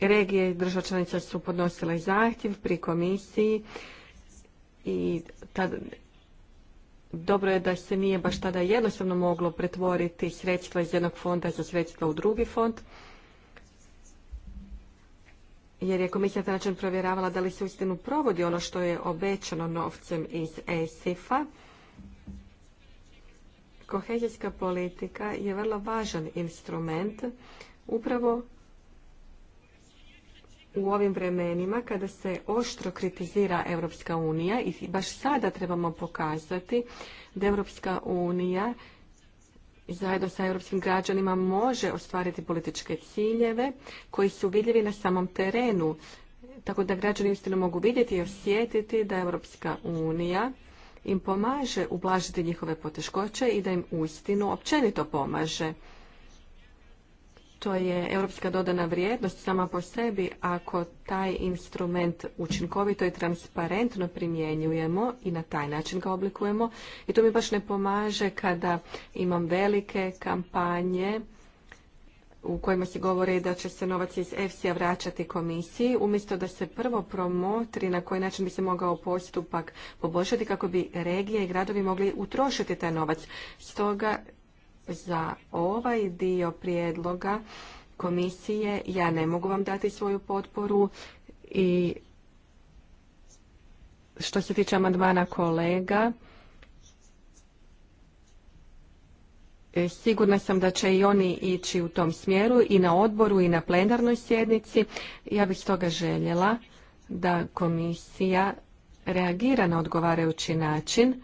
Regije i država članica su podnosile zahtjev pri komisiji i dobro je da se nije baš tada jednostavno moglo pretvoriti sredstva iz jednog fonda za sredstva u drugi fond jer je komisija taj način provjeravala da li se uistinu provodi ono što je obećano novcem iz ESIF-a. Kohezijska politika je vrlo važan instrument upravo u ovim vremenima kada se oštro kritizira Europska unija i baš sada trebamo pokazati da Europska unija zajedno sa europskim građanima može ostvariti političke ciljeve koji su vidljivi na samom terenu. Tako da građani istinu mogu vidjeti i osjetiti da Europska unija im pomaže ublažiti njihove poteškoće i da im uistinu općenito pomaže to je europska dodana vrijednost sama po sebi ako taj instrument učinkovito i transparentno primjenjujemo i na taj način ga oblikujemo i to mi baš ne pomaže kada imam velike kampanje u kojima se govori da će se novac iz EFSI-a vraćati komisiji, umjesto da se prvo promotri na koji način bi se mogao postupak poboljšati kako bi regije i gradovi mogli utrošiti taj novac. Stoga za ovaj dio prijedloga komisije ja ne mogu vam dati svoju potporu i što se tiče amandmana kolega, e, Sigurna sam da će i oni ići u tom smjeru i na odboru i na plenarnoj sjednici. Ja bih stoga željela da komisija reagira na odgovarajući način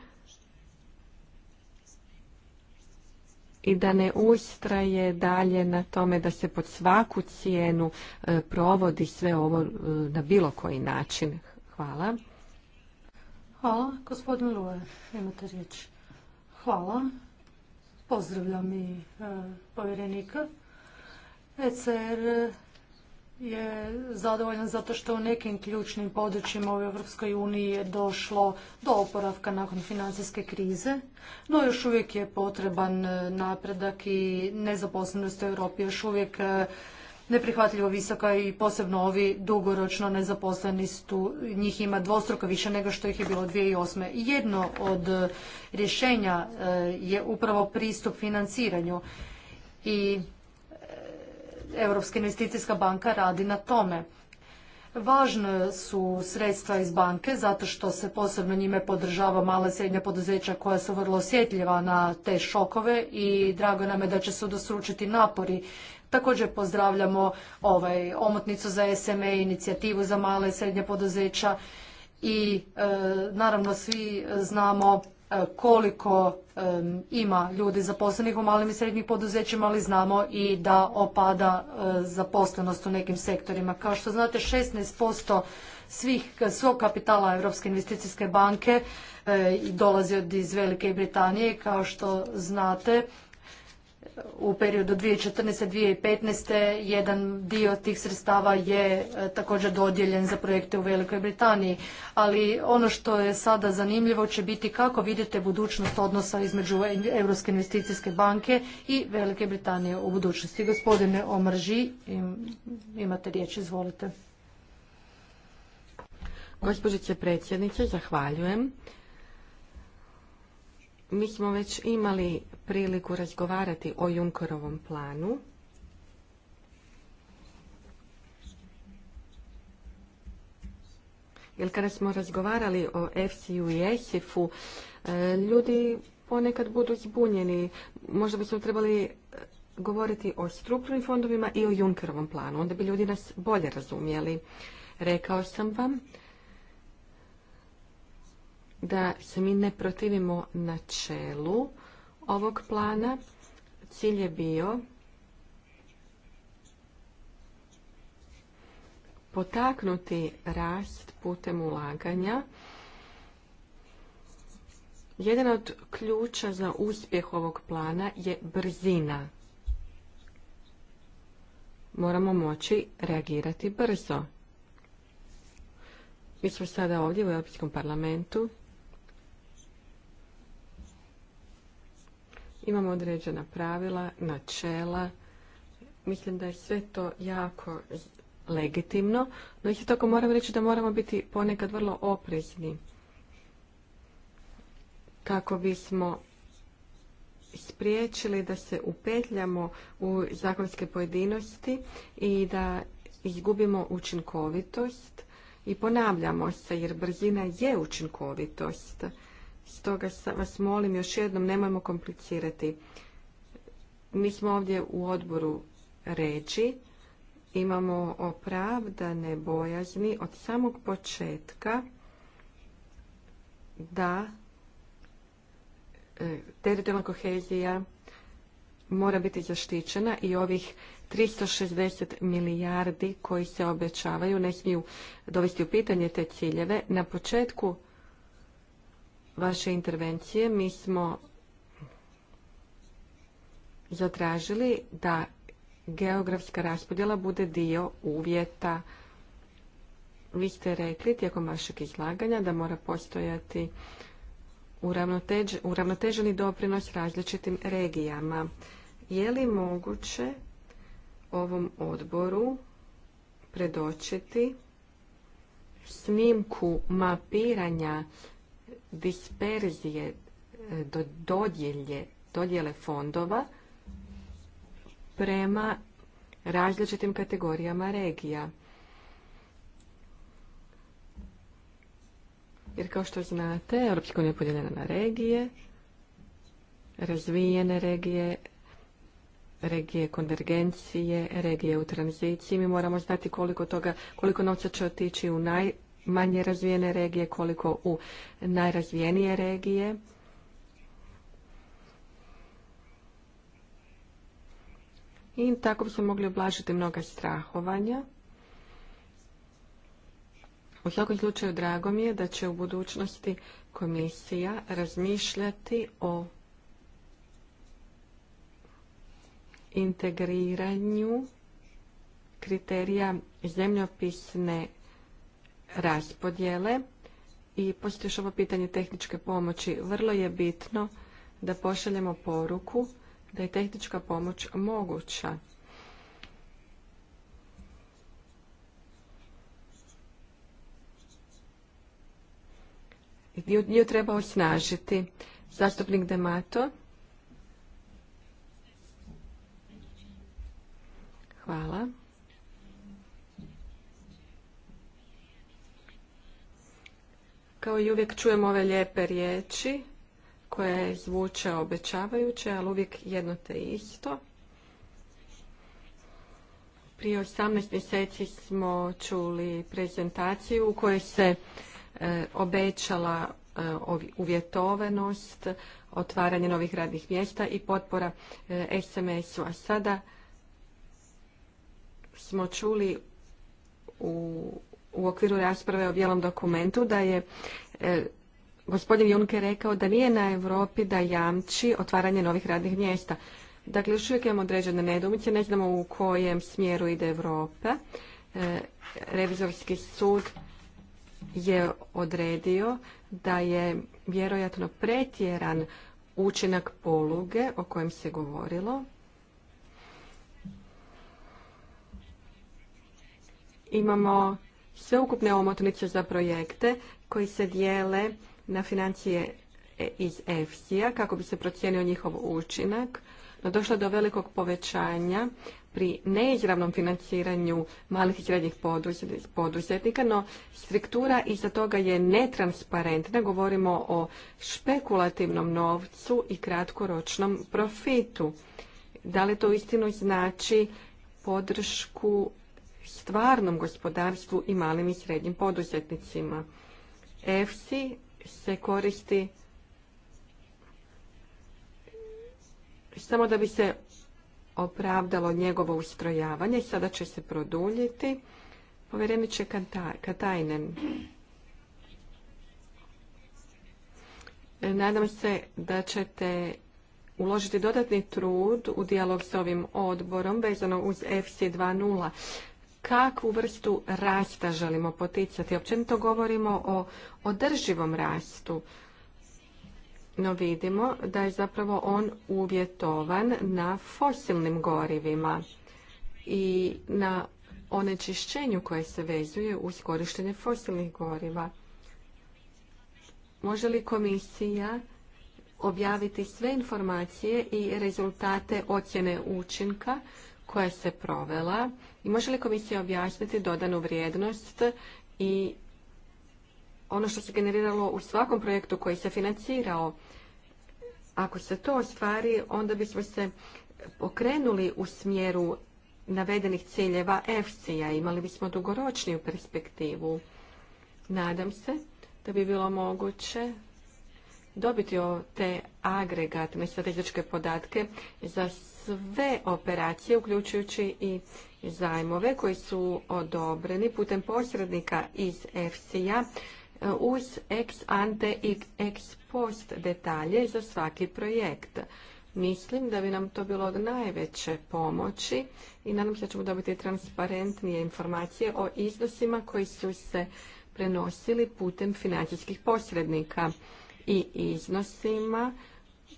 i da ne ustraje dalje na tome da se pod svaku cijenu e, provodi sve ovo e, na bilo koji način. Hvala. Hvala. Gospodin Lue, imate riječ. Hvala. Pozdravljam i e, povjerenika. ECR je zadovoljan zato što u nekim ključnim područjima u Europskoj uniji je došlo do oporavka nakon financijske krize, no još uvijek je potreban e, napredak i nezaposlenost u Europi još uvijek e, neprihvatljivo visoka i posebno ovi dugoročno nezaposleni su, njih ima dvostruko više nego što ih je bilo 2008. Jedno od e, rješenja je upravo pristup financiranju i Europska investicijska banka radi na tome. Važne su sredstva iz banke zato što se posebno njime podržava mala i srednja poduzeća koja su vrlo osjetljiva na te šokove i drago nam je da će se udostručiti napori. Također pozdravljamo ovaj omotnicu za SME, inicijativu za mala i srednja poduzeća i e, naravno svi znamo E, koliko e, ima ljudi zaposlenih u malim i srednjim poduzećima, ali znamo i da opada e, zaposlenost u nekim sektorima. Kao što znate, 16% svih, svog kapitala Europske investicijske banke dolazi od iz Velike Britanije. Kao što znate, u periodu 2014-2015 jedan dio tih sredstava je e, također dodijeljen za projekte u Velikoj Britaniji. Ali ono što je sada zanimljivo će biti kako vidite budućnost odnosa između Europske investicijske banke i Velike Britanije u budućnosti. Gospodine Omrži, imate riječ, izvolite. Gospođice predsjednice, zahvaljujem. Mi smo već imali priliku razgovarati o Junkerovom planu. Jer kada smo razgovarali o FCU i ESIF-u, e, ljudi ponekad budu zbunjeni. Možda bismo trebali e, govoriti o strukturnim fondovima i o Junkerovom planu. Onda bi ljudi nas bolje razumjeli. Rekao sam vam da se mi ne protivimo načelu ovog plana. Cilj je bio potaknuti rast putem ulaganja. Jedan od ključa za uspjeh ovog plana je brzina. Moramo moći reagirati brzo. Mi smo sada ovdje u Europskom parlamentu Imamo određena pravila, načela. Mislim da je sve to jako legitimno, no isto tako moram reći da moramo biti ponekad vrlo oprezni kako bismo spriječili da se upetljamo u zakonske pojedinosti i da izgubimo učinkovitost i ponavljamo se jer brzina je učinkovitost Stoga vas molim još jednom, nemojmo komplicirati. Mi smo ovdje u odboru reći, imamo opravdane bojazni od samog početka da e, teritorijalna kohezija mora biti zaštićena i ovih 360 milijardi koji se obećavaju ne smiju dovesti u pitanje te ciljeve. Na početku vaše intervencije. Mi smo zatražili da geografska raspodjela bude dio uvjeta. Vi ste rekli tijekom vašeg izlaganja da mora postojati uravnoteženi doprinos različitim regijama. Je li moguće ovom odboru predočiti snimku mapiranja disperzije e, do dodjelje, dodjele fondova prema različitim kategorijama regija. Jer kao što znate, Europska unija je podijeljena na regije, razvijene regije, regije konvergencije, regije u tranziciji. Mi moramo znati koliko toga, koliko novca će otići u naj manje razvijene regije, koliko u najrazvijenije regije. I tako bi smo mogli oblažiti mnoga strahovanja. U svakom slučaju drago mi je da će u budućnosti komisija razmišljati o integriranju kriterija zemljopisne raspodjele i postoji ovo pitanje tehničke pomoći. Vrlo je bitno da pošaljemo poruku da je tehnička pomoć moguća. Nju, nju treba osnažiti. Zastupnik Demato. Hvala. Kao i uvijek čujem ove lijepe riječi koje zvuče obećavajuće, ali uvijek jedno te isto. Prije 18 mjeseci smo čuli prezentaciju u kojoj se e, obećala e, uvjetovenost, otvaranje novih radnih mjesta i potpora e, SMS-u. A sada smo čuli u u okviru rasprave o bijelom dokumentu da je e, gospodin Juncker rekao da nije na Europi da jamči otvaranje novih radnih mjesta. Dakle, još uvijek imamo određene nedumice, ne znamo u kojem smjeru ide Europa. E, revizorski sud je odredio da je vjerojatno pretjeran učinak poluge o kojem se govorilo. Imamo sveukupne omotnice za projekte koji se dijele na financije iz EFSI-a kako bi se procijenio njihov učinak, no došlo do velikog povećanja pri neizravnom financiranju malih i srednjih poduzetnika, no struktura iza toga je netransparentna. Govorimo o špekulativnom novcu i kratkoročnom profitu. Da li to istinu znači podršku stvarnom gospodarstvu i malim i srednjim poduzetnicima. EFSI se koristi samo da bi se opravdalo njegovo ustrojavanje. Sada će se produljiti. će Katajnen, nadam se da ćete uložiti dodatni trud u dijalog s ovim odborom vezano uz FC 2.0 kakvu vrstu rasta želimo poticati. Općenito govorimo o održivom rastu, no vidimo da je zapravo on uvjetovan na fosilnim gorivima i na onečišćenju koje se vezuje uz korištenje fosilnih goriva. Može li komisija objaviti sve informacije i rezultate ocjene učinka koja se provela i može li komisija objasniti dodanu vrijednost i ono što se generiralo u svakom projektu koji se financirao. Ako se to ostvari, onda bismo se okrenuli u smjeru navedenih ciljeva EFSI-a, imali bismo dugoročniju perspektivu. Nadam se da bi bilo moguće dobiti te agregatne statističke podatke za sve operacije, uključujući i zajmove koji su odobreni putem posrednika iz EFSI-a eh, uz ex ante i ex post detalje za svaki projekt. Mislim da bi nam to bilo od najveće pomoći i nadam se da ćemo dobiti transparentnije informacije o iznosima koji su se prenosili putem financijskih posrednika i iznosima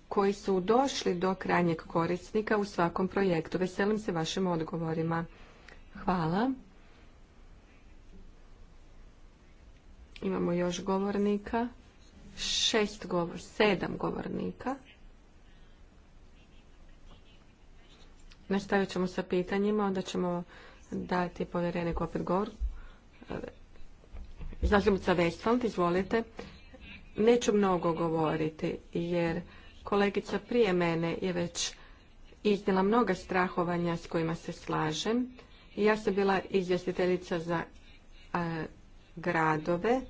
koji su došli do krajnjeg korisnika u svakom projektu. Veselim se vašim odgovorima. Hvala. Imamo još govornika. Šest govor, sedam govornika. Nastavit ćemo sa pitanjima, onda ćemo dati povjerenik opet govor. E, sa Westfeld, izvolite. Neću mnogo govoriti jer kolegica prije mene je već iznijela mnoga strahovanja s kojima se slažem. Ja sam bila izvjestiteljica za e, gradove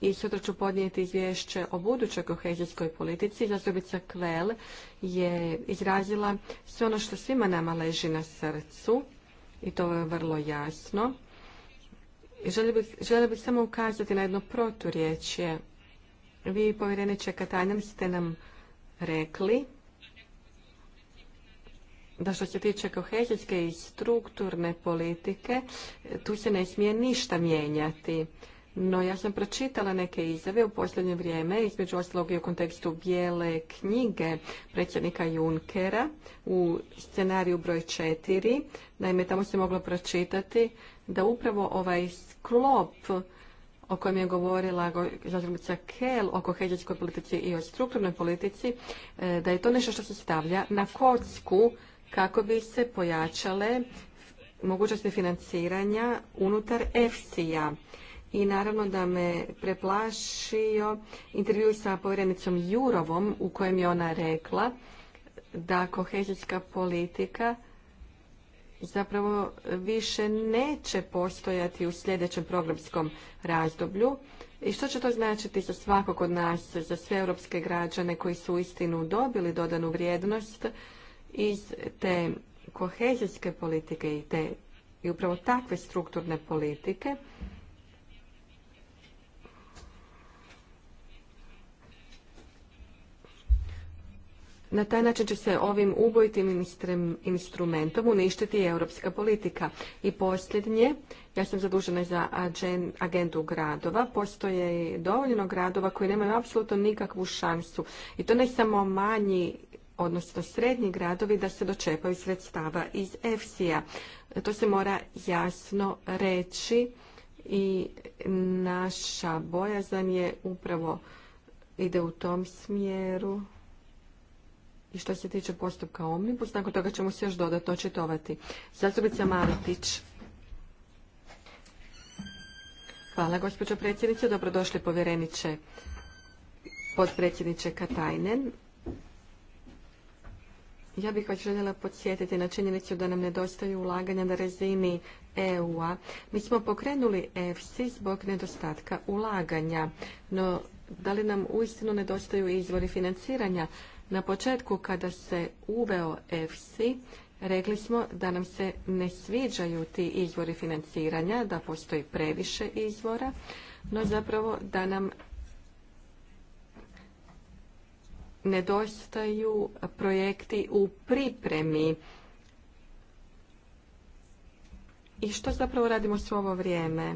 i sutra ću podnijeti izvješće o budućoj kohezijskoj politici. Zastupnica Kvel je izrazila sve ono što svima nama leži na srcu i to je vrlo jasno. Želio bih, samo ukazati na jedno proturječje. Vi, povjereniče Čekatanjem, ste nam rekli da što se tiče kohezijske i strukturne politike, tu se ne smije ništa mijenjati. No ja sam pročitala neke izjave u posljednje vrijeme, između ostalog i u kontekstu bijele knjige predsjednika Junkera u scenariju broj četiri. Naime, tamo se moglo pročitati da upravo ovaj sklop o kojem je govorila zastupnica Kel oko kohezijskoj politici i o strukturnoj politici, e, da je to nešto što se stavlja na kocku kako bi se pojačale mogućnosti financiranja unutar EFSI-a i naravno da me preplašio intervju sa povjerenicom Jurovom u kojem je ona rekla da kohezijska politika zapravo više neće postojati u sljedećem programskom razdoblju. I što će to značiti za svakog od nas, za sve europske građane koji su u istinu dobili dodanu vrijednost iz te kohezijske politike i, te, i upravo takve strukturne politike? Na taj način će se ovim ubojitim instrumentom uništiti europska politika. I posljednje, ja sam zadužena za agendu gradova, postoje dovoljno gradova koji nemaju apsolutno nikakvu šansu. I to ne samo manji odnosno srednji gradovi da se dočepaju sredstava iz EFSI-a. To se mora jasno reći i naša bojazan je upravo ide u tom smjeru što se tiče postupka Omnibus, nakon toga ćemo se još dodatno očitovati. Zastupnica Maletić. Hvala, gospođo predsjednice. Dobrodošli, povjereniče, podpredsjedniče Katajnen. Ja bih vas željela podsjetiti na činjenicu da nam nedostaju ulaganja na razini EU-a. Mi smo pokrenuli EFSI zbog nedostatka ulaganja, no da li nam uistinu nedostaju izvori financiranja? Na početku kada se uveo EFSI, rekli smo da nam se ne sviđaju ti izvori financiranja, da postoji previše izvora, no zapravo da nam nedostaju projekti u pripremi i što zapravo radimo svo ovo vrijeme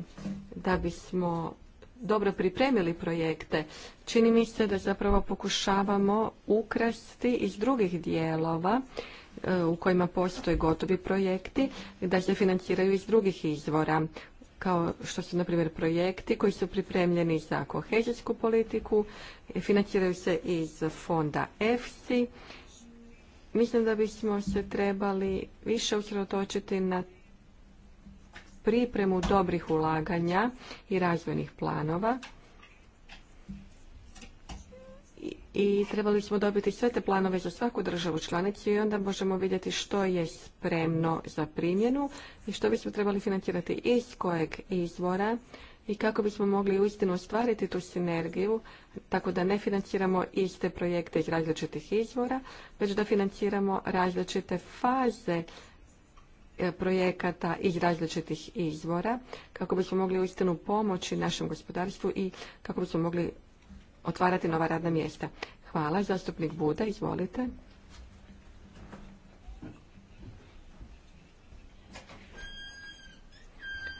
da bismo dobro pripremili projekte. Čini mi se da zapravo pokušavamo ukrasti iz drugih dijelova e, u kojima postoje gotovi projekti, da se financiraju iz drugih izvora kao što su, na primjer, projekti koji su pripremljeni za kohezijsku politiku, financiraju se iz fonda EFSI. Mislim da bismo se trebali više usredotočiti na pripremu dobrih ulaganja i razvojnih planova. I trebali smo dobiti sve te planove za svaku državu članicu i onda možemo vidjeti što je spremno za primjenu i što bismo trebali financirati iz kojeg izvora i kako bismo mogli uistinu ostvariti tu sinergiju, tako da ne financiramo iste projekte iz različitih izvora, već da financiramo različite faze E, projekata iz različitih izvora kako bismo mogli uistinu pomoći našem gospodarstvu i kako bismo mogli otvarati nova radna mjesta. Hvala. Zastupnik Buda, izvolite.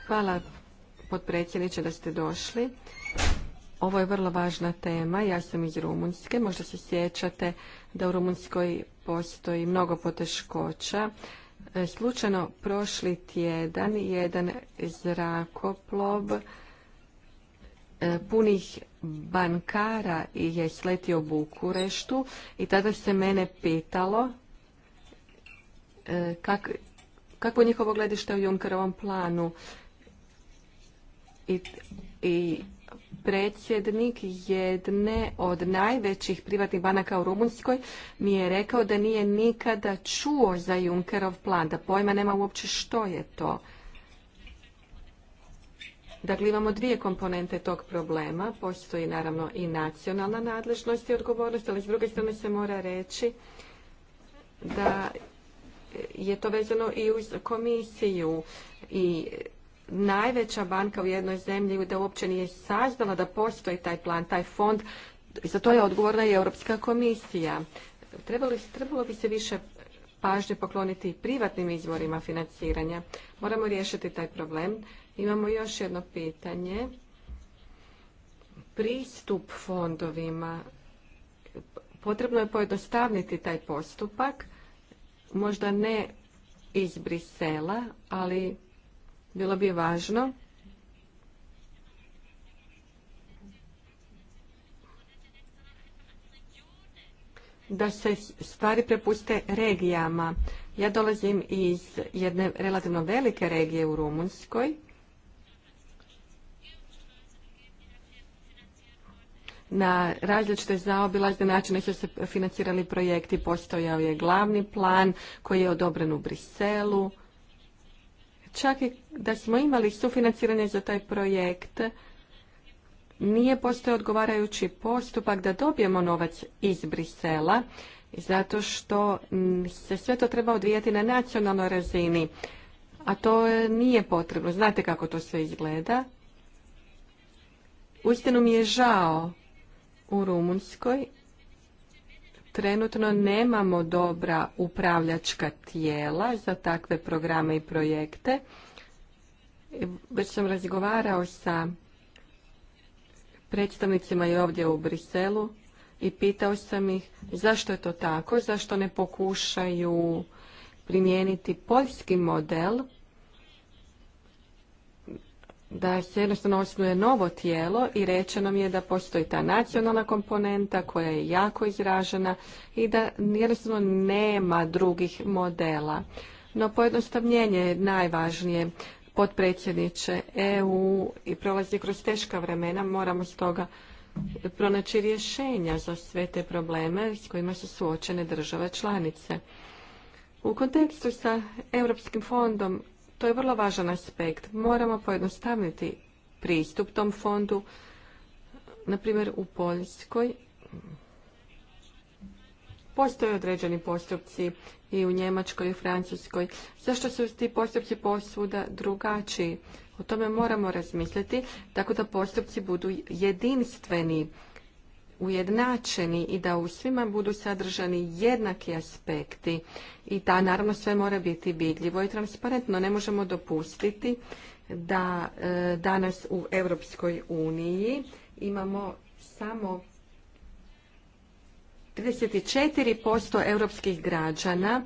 Hvala potpredsjedniče da ste došli. Ovo je vrlo važna tema. Ja sam iz Rumunjske. Možda se sjećate da u Rumunjskoj postoji mnogo poteškoća E, slučajno prošli tjedan jedan zrakoplov e, punih bankara je sletio u Bukureštu i tada se mene pitalo e, kako je njihovo gledište u Junkerovom planu i, i predsjednik jedne od najvećih privatnih banaka u Rumunjskoj mi je rekao da nije nikada čuo za Junkerov plan, da pojma nema uopće što je to. Dakle, imamo dvije komponente tog problema. Postoji naravno i nacionalna nadležnost i odgovornost, ali s druge strane se mora reći da je to vezano i uz komisiju i najveća banka u jednoj zemlji da uopće nije saznala da postoji taj plan, taj fond. Za to je odgovorna i Europska komisija. Trebalo, bi se više pažnje pokloniti i privatnim izvorima financiranja. Moramo riješiti taj problem. Imamo još jedno pitanje. Pristup fondovima. Potrebno je pojednostavniti taj postupak. Možda ne iz Brisela, ali bilo bi važno da se stvari prepuste regijama. Ja dolazim iz jedne relativno velike regije u Rumunjskoj. Na različite zaobilazne načine su se financirali projekti, postojao je glavni plan koji je odobren u Briselu čak i da smo imali sufinanciranje za taj projekt, nije postoje odgovarajući postupak da dobijemo novac iz Brisela, zato što se sve to treba odvijati na nacionalnoj razini, a to nije potrebno. Znate kako to sve izgleda? Uistinu mi je žao u Rumunskoj trenutno nemamo dobra upravljačka tijela za takve programe i projekte. Već sam razgovarao sa predstavnicima i ovdje u Briselu i pitao sam ih zašto je to tako, zašto ne pokušaju primijeniti poljski model da se jednostavno osnuje novo tijelo i rečeno mi je da postoji ta nacionalna komponenta koja je jako izražena i da jednostavno nema drugih modela. No pojednostavljenje je najvažnije potpredsjedniče EU i prolazi kroz teška vremena, moramo stoga pronaći rješenja za sve te probleme s kojima su suočene države članice. U kontekstu sa Europskim fondom to je vrlo važan aspekt. Moramo pojednostavniti pristup tom fondu. Naprimjer, u Poljskoj postoje određeni postupci i u Njemačkoj i u Francuskoj. Zašto su ti postupci posvuda drugačiji? O tome moramo razmisliti tako da postupci budu jedinstveni ujednačeni i da u svima budu sadržani jednaki aspekti i ta naravno sve mora biti vidljivo i transparentno. Ne možemo dopustiti da e, danas u Europskoj uniji imamo samo 34% europskih građana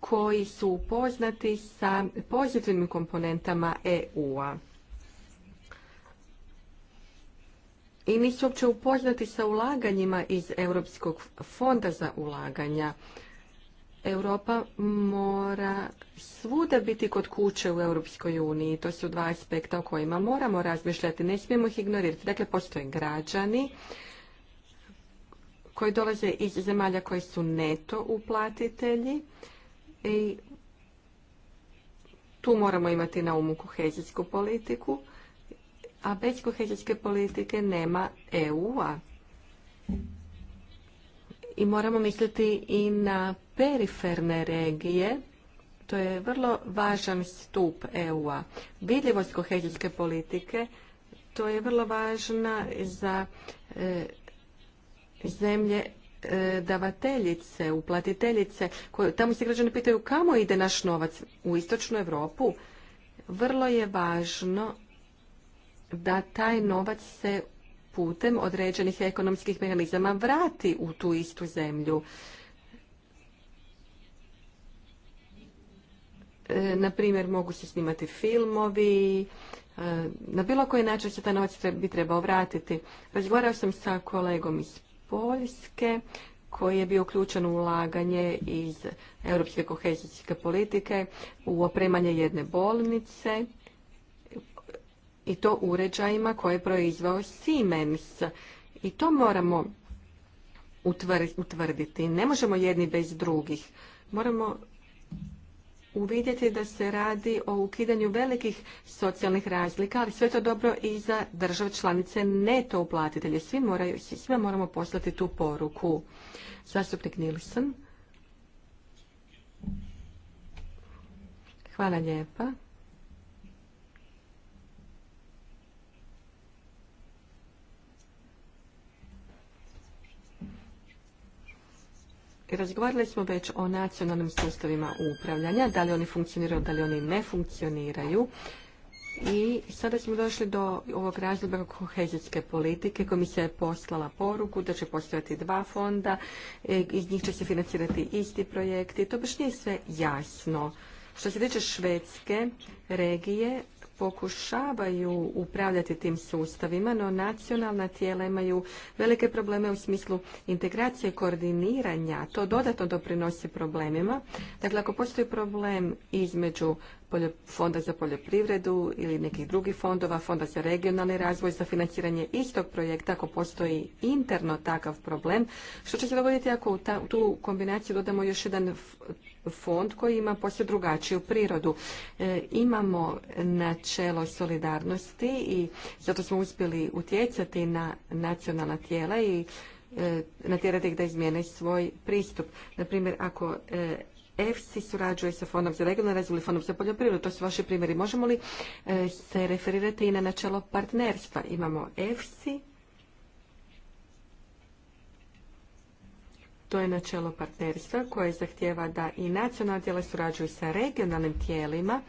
koji su upoznati sa pozitivnim komponentama EU-a. i nisu uopće upoznati sa ulaganjima iz Europskog fonda za ulaganja. Europa mora svuda biti kod kuće u Europskoj uniji. To su dva aspekta o kojima moramo razmišljati. Ne smijemo ih ignorirati. Dakle, postoje građani koji dolaze iz zemalja koje su neto uplatitelji i tu moramo imati na umu kohezijsku politiku a bez kohezijske politike nema EU-a. I moramo misliti i na periferne regije, to je vrlo važan stup EU-a. Vidljivost kohezijske politike, to je vrlo važna za e, zemlje e, davateljice, uplatiteljice. Koje, tamo se građani pitaju kamo ide naš novac u istočnu Europu. Vrlo je važno da taj novac se putem određenih ekonomskih mehanizama vrati u tu istu zemlju. E, na primjer, mogu se snimati filmovi, e, na bilo koji način se taj novac bi trebao vratiti. Razgovarao sam sa kolegom iz Poljske koji je bio uključen u ulaganje iz europske kohezijske politike u opremanje jedne bolnice i to uređajima koje je proizvao Siemens. I to moramo utvrditi. Ne možemo jedni bez drugih. Moramo uvidjeti da se radi o ukidanju velikih socijalnih razlika, ali sve to dobro i za države članice to uplatitelje. Svi moraju, svima moramo poslati tu poruku. Zastupnik Nilsson. Hvala lijepa. Razgovarali smo već o nacionalnim sustavima upravljanja, da li oni funkcioniraju, da li oni ne funkcioniraju. I sada smo došli do ovog razloga kohezijske politike. Komisija je poslala poruku da će postojati dva fonda, e, iz njih će se financirati isti projekti. To baš nije sve jasno. Što se tiče švedske regije, pokušavaju upravljati tim sustavima, no nacionalna tijela imaju velike probleme u smislu integracije koordiniranja. To dodatno doprinosi problemima. Dakle, ako postoji problem između fonda za poljoprivredu ili nekih drugih fondova, fonda za regionalni razvoj, za financiranje istog projekta ako postoji interno takav problem. Što će se dogoditi ako u tu kombinaciju dodamo još jedan fond koji ima posve drugačiju prirodu. E, imamo načelo solidarnosti i zato smo uspjeli utjecati na nacionalna tijela i e, natjerati ih da izmijene svoj pristup. Naprimjer, ako e, EFSI surađuje sa Fondom za regionalni razvoj ili Fondom za poljoprivredu. To su vaši primjeri. Možemo li e, se referirati i na načelo partnerstva? Imamo EFSI, To je načelo partnerstva koje zahtjeva da i nacionalna tijela surađuju sa regionalnim tijelima.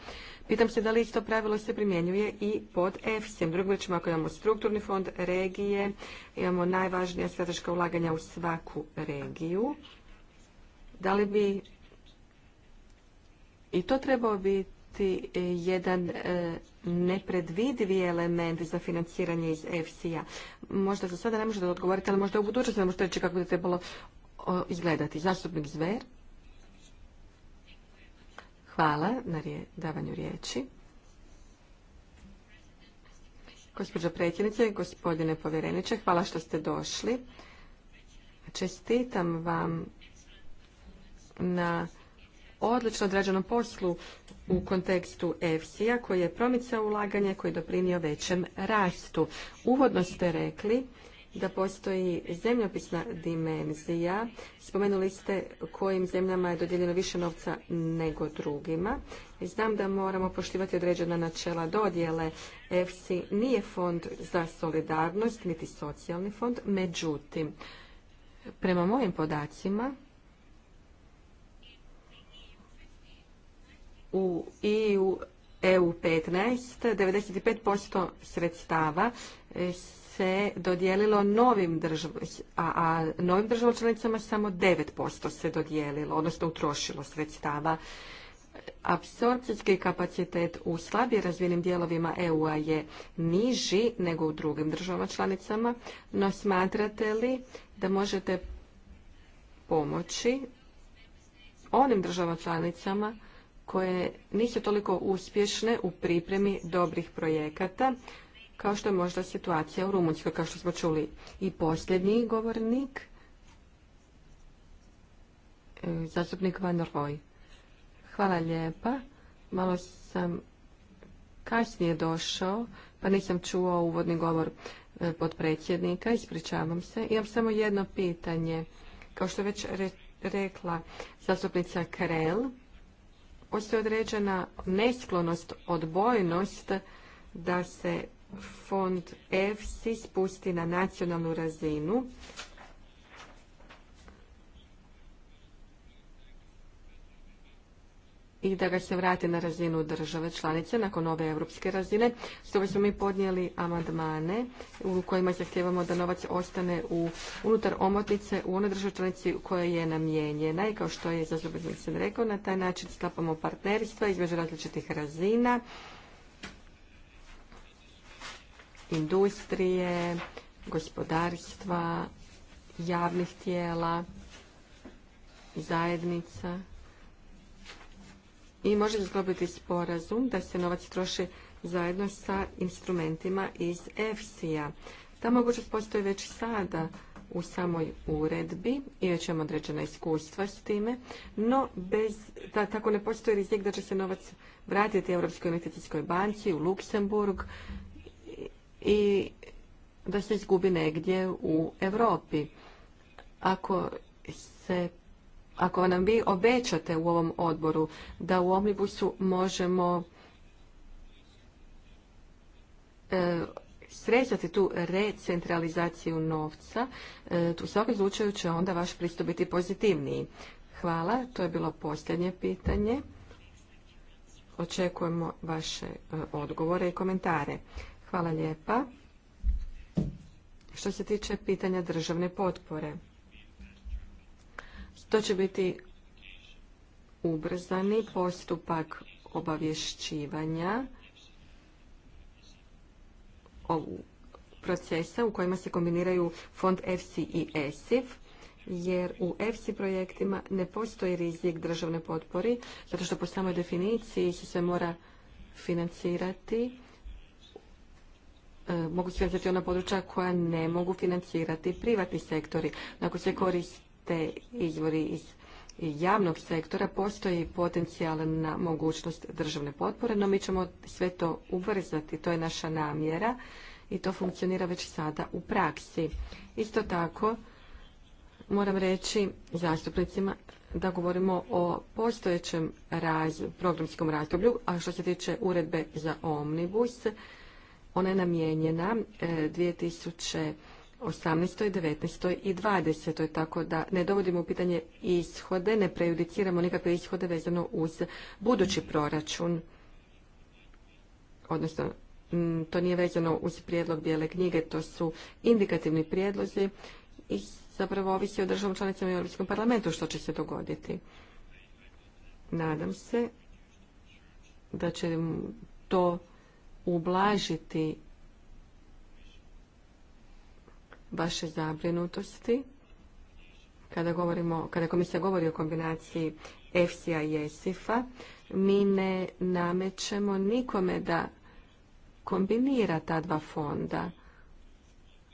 Pitam se da li isto pravilo se primjenjuje i pod EFSI-em. Drugim rečima, ako imamo strukturni fond regije, imamo najvažnija strateška ulaganja u svaku regiju. Da li bi i to trebao biti e, jedan e, nepredvidivi element za financiranje iz EFSI-a. Možda za sada ne možete odgovoriti, ali možda u budućnosti ne možete reći kako bi trebalo izgledati. Zastupnik Zver. Hvala na davanju riječi. Gospođo predsjednice, gospodine povjereniče, hvala što ste došli. Čestitam vam na odlično odrađenom poslu u kontekstu EFSI-a koji je promicao ulaganje koji je doprinio većem rastu. Uvodno ste rekli da postoji zemljopisna dimenzija. Spomenuli ste kojim zemljama je dodijeljeno više novca nego drugima. Znam da moramo poštivati određena načela dodjele. EFSI nije fond za solidarnost, niti socijalni fond. Međutim, prema mojim podacima, u EU, EU 15 95% sredstava e, se dodijelilo novim državama, a, novim državama članicama samo 9% se dodijelilo, odnosno utrošilo sredstava. Apsorpcijski kapacitet u slabije razvijenim dijelovima EU-a je niži nego u drugim državama članicama, no smatrate li da možete pomoći onim državama članicama koje nisu toliko uspješne u pripremi dobrih projekata kao što je možda situacija u Rumunjskoj, kao što smo čuli. I posljednji govornik, e, zastupnik Van Roy. Hvala lijepa. Malo sam kasnije došao, pa nisam čuo uvodni govor e, potpredsjednika, ispričavam se. Imam samo jedno pitanje. Kao što je već rekla zastupnica Karel postoji određena nesklonost, odbojnost da se fond EFSI spusti na nacionalnu razinu i da ga se vrati na razinu države članice nakon ove europske razine. Stoga smo mi podnijeli amandmane u kojima zahtijevamo da novac ostane u, unutar omotnice u onoj državi članici koja je namijenjena i kao što je za sam rekao, na taj način sklapamo partnerstva između različitih razina, industrije, gospodarstva, javnih tijela, zajednica i može sklopiti sporazum da se novac troši zajedno sa instrumentima iz EFSI-a. Ta mogućnost postoji već sada u samoj uredbi i već imamo određena iskustva s time, no bez, da tako ne postoji rizik da će se novac vratiti Europskoj investicijskoj banci u Luksemburg i da se izgubi negdje u Europi. Ako se ako nam vi obećate u ovom odboru da u Omnibusu možemo e, tu recentralizaciju novca, e, u svakom slučaju će onda vaš pristup biti pozitivniji. Hvala, to je bilo posljednje pitanje. Očekujemo vaše e, odgovore i komentare. Hvala lijepa. Što se tiče pitanja državne potpore. To će biti ubrzani postupak obavješćivanja procesa u kojima se kombiniraju fond FC i ESIF, jer u EFSI projektima ne postoji rizik državne potpori, zato što po samoj definiciji se sve mora financirati, e, mogu se financirati ona područja koja ne mogu financirati privatni sektori. Ako se koristi te izvori iz javnog sektora postoji potencijalna mogućnost državne potpore, no mi ćemo sve to ubrzati, to je naša namjera i to funkcionira već sada u praksi. Isto tako moram reći zastupnicima da govorimo o postojećem programskom razdoblju, a što se tiče uredbe za omnibus, ona je namijenjena 2000 e, 18., 19. i 20. Tako da ne dovodimo u pitanje ishode, ne prejudiciramo nikakve ishode vezano uz budući proračun. Odnosno, mm, to nije vezano uz prijedlog bijele knjige, to su indikativni prijedlozi i zapravo ovisi o državom članicama i Europskom parlamentu što će se dogoditi. Nadam se da će to ublažiti vaše zabrinutosti kada, govorimo, kada komisija govori o kombinaciji EFSI-a i ESIF-a, mi ne namećemo nikome da kombinira ta dva fonda.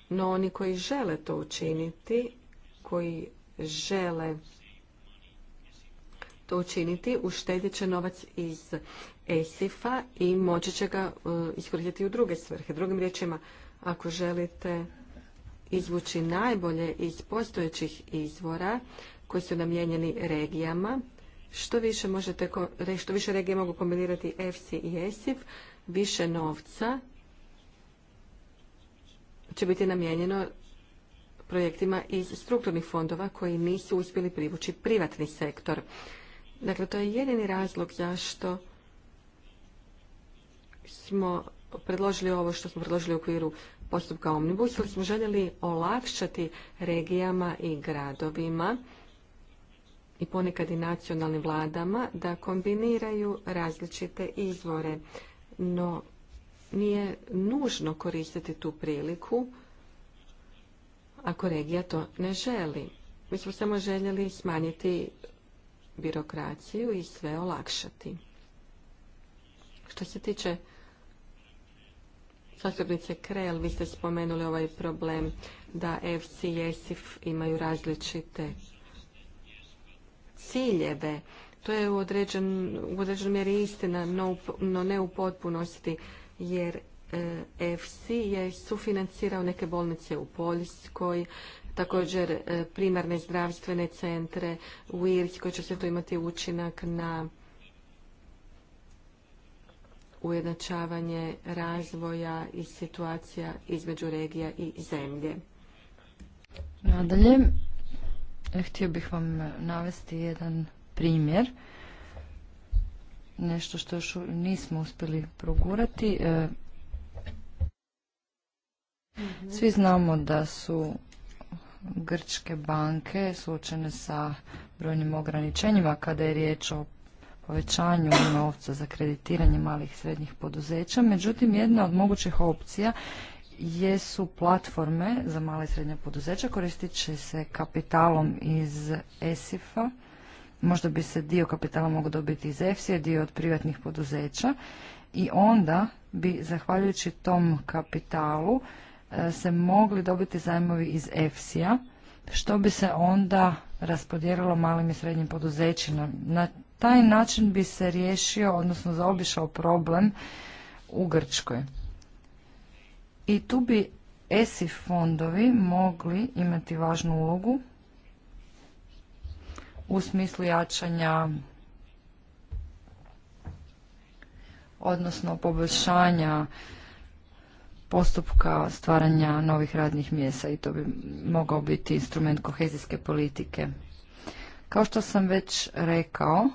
No oni koji žele to učiniti, koji žele to učiniti, uštedit će novac iz ESIF-a i moći će ga e, iskoristiti u druge svrhe. Drugim riječima, ako želite izvući najbolje iz postojećih izvora koji su namijenjeni regijama. Što više, možete, što više regije mogu kombinirati EFSI i ESIF, više novca će biti namijenjeno projektima iz strukturnih fondova koji nisu uspjeli privući privatni sektor. Dakle, to je jedini razlog zašto smo predložili ovo što smo predložili u okviru postupka Omnibus, jer smo željeli olakšati regijama i gradovima i ponekad i nacionalnim vladama da kombiniraju različite izvore. No, nije nužno koristiti tu priliku ako regija to ne želi. Mi smo samo željeli smanjiti birokraciju i sve olakšati. Što se tiče Zastupnice Krel, vi ste spomenuli ovaj problem da FC i ESIF imaju različite ciljeve. To je u, određen, određenoj mjeri istina, no, ne u potpunosti, jer e, FC je sufinancirao neke bolnice u Poljskoj, također e, primarne zdravstvene centre u Irskoj će se to imati učinak na ujednačavanje razvoja i situacija između regija i zemlje. Nadalje, e, htio bih vam navesti jedan primjer. Nešto što još nismo uspjeli progurati. E, svi znamo da su grčke banke suočene sa brojnim ograničenjima kada je riječ o povećanju novca za kreditiranje malih i srednjih poduzeća. Međutim, jedna od mogućih opcija jesu platforme za male i srednje poduzeća. Koristit će se kapitalom iz ESIF-a. Možda bi se dio kapitala mogu dobiti iz EFSI-a, dio od privatnih poduzeća. I onda bi, zahvaljujući tom kapitalu, e, se mogli dobiti zajmovi iz EFSI-a, što bi se onda raspodijelilo malim i srednjim poduzećima na taj način bi se riješio, odnosno zaobišao problem u Grčkoj. I tu bi ESI fondovi mogli imati važnu ulogu u smislu jačanja odnosno poboljšanja postupka stvaranja novih radnih mjesta i to bi mogao biti instrument kohezijske politike. Kao što sam već rekao,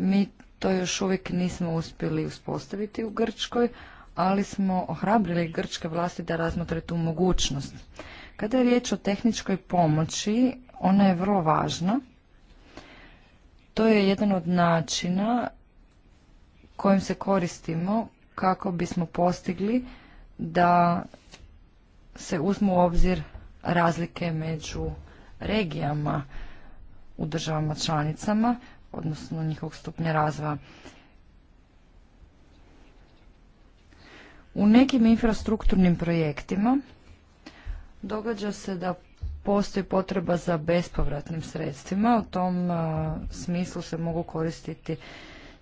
mi to još uvijek nismo uspjeli uspostaviti u Grčkoj, ali smo ohrabrili grčke vlasti da razmotre tu mogućnost. Kada je riječ o tehničkoj pomoći, ona je vrlo važna. To je jedan od načina kojim se koristimo kako bismo postigli da se uzmu u obzir razlike među regijama u državama članicama odnosno njihovog stupnja razvoja. U nekim infrastrukturnim projektima događa se da postoji potreba za bespovratnim sredstvima. U tom smislu se mogu koristiti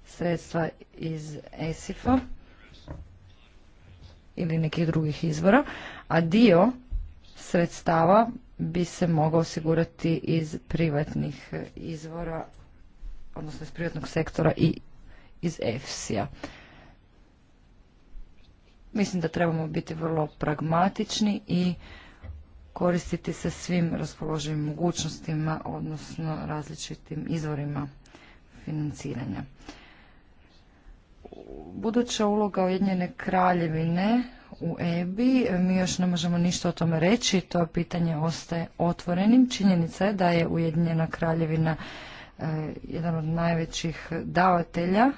sredstva iz ESIF-a ili nekih drugih izvora, a dio sredstava bi se mogao osigurati iz privatnih izvora odnosno iz privatnog sektora i iz EFSI-a. Mislim da trebamo biti vrlo pragmatični i koristiti se svim raspoloživim mogućnostima, odnosno različitim izvorima financiranja. Buduća uloga Ujedinjene kraljevine u EBI, mi još ne možemo ništa o tome reći, to pitanje ostaje otvorenim. Činjenica je da je Ujedinjena kraljevina Eh, jedan od najvećih davatelja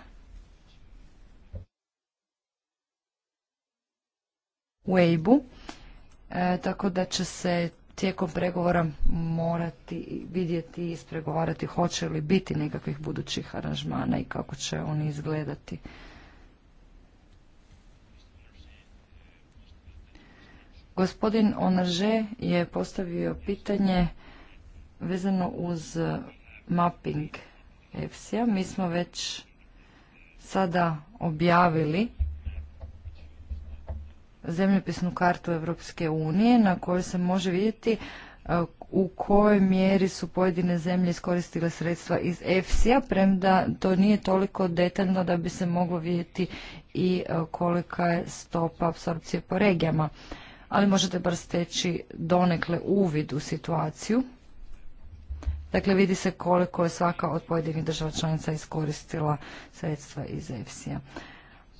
u EIB-u, eh, tako da će se tijekom pregovora morati vidjeti i ispregovarati hoće li biti nekakvih budućih aranžmana i kako će oni izgledati. Gospodin Onarže je postavio pitanje vezano uz mapping EFSI-a. Mi smo već sada objavili zemljopisnu kartu Europske unije na kojoj se može vidjeti e, u kojoj mjeri su pojedine zemlje iskoristile sredstva iz EFSI-a, premda to nije toliko detaljno da bi se moglo vidjeti i e, kolika je stopa apsorpcije po regijama. Ali možete bar steći donekle uvid u situaciju. Dakle, vidi se koliko je svaka od pojedinih država članica iskoristila sredstva iz EFSI-a.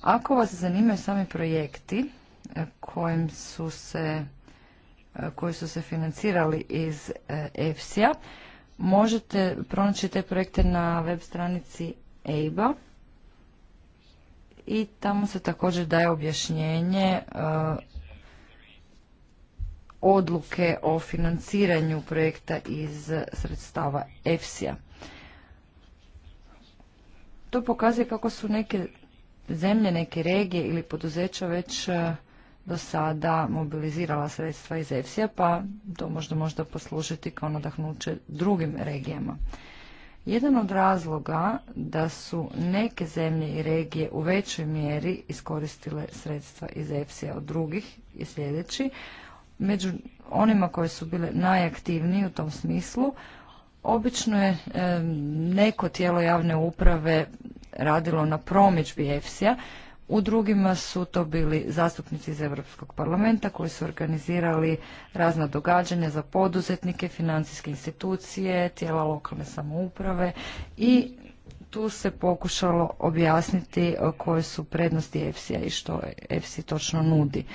Ako vas zanimaju sami projekti e, kojim su se, e, koji su se financirali iz e, EFSI-a, možete pronaći te projekte na web stranici EIBA i tamo se također daje objašnjenje odluke o financiranju projekta iz sredstava EFSI-a. To pokazuje kako su neke zemlje, neke regije ili poduzeća već e, do sada mobilizirala sredstva iz EFSI-a, pa to možda možda poslužiti kao nadahnuće drugim regijama. Jedan od razloga da su neke zemlje i regije u većoj mjeri iskoristile sredstva iz EFSI-a od drugih je sljedeći među onima koje su bile najaktivniji u tom smislu, obično je neko tijelo javne uprave radilo na promičbi EFSI-a, u drugima su to bili zastupnici iz Europskog parlamenta koji su organizirali razna događanja za poduzetnike, financijske institucije, tijela lokalne samouprave i tu se pokušalo objasniti koje su prednosti EFSI-a i što EFSI točno nudi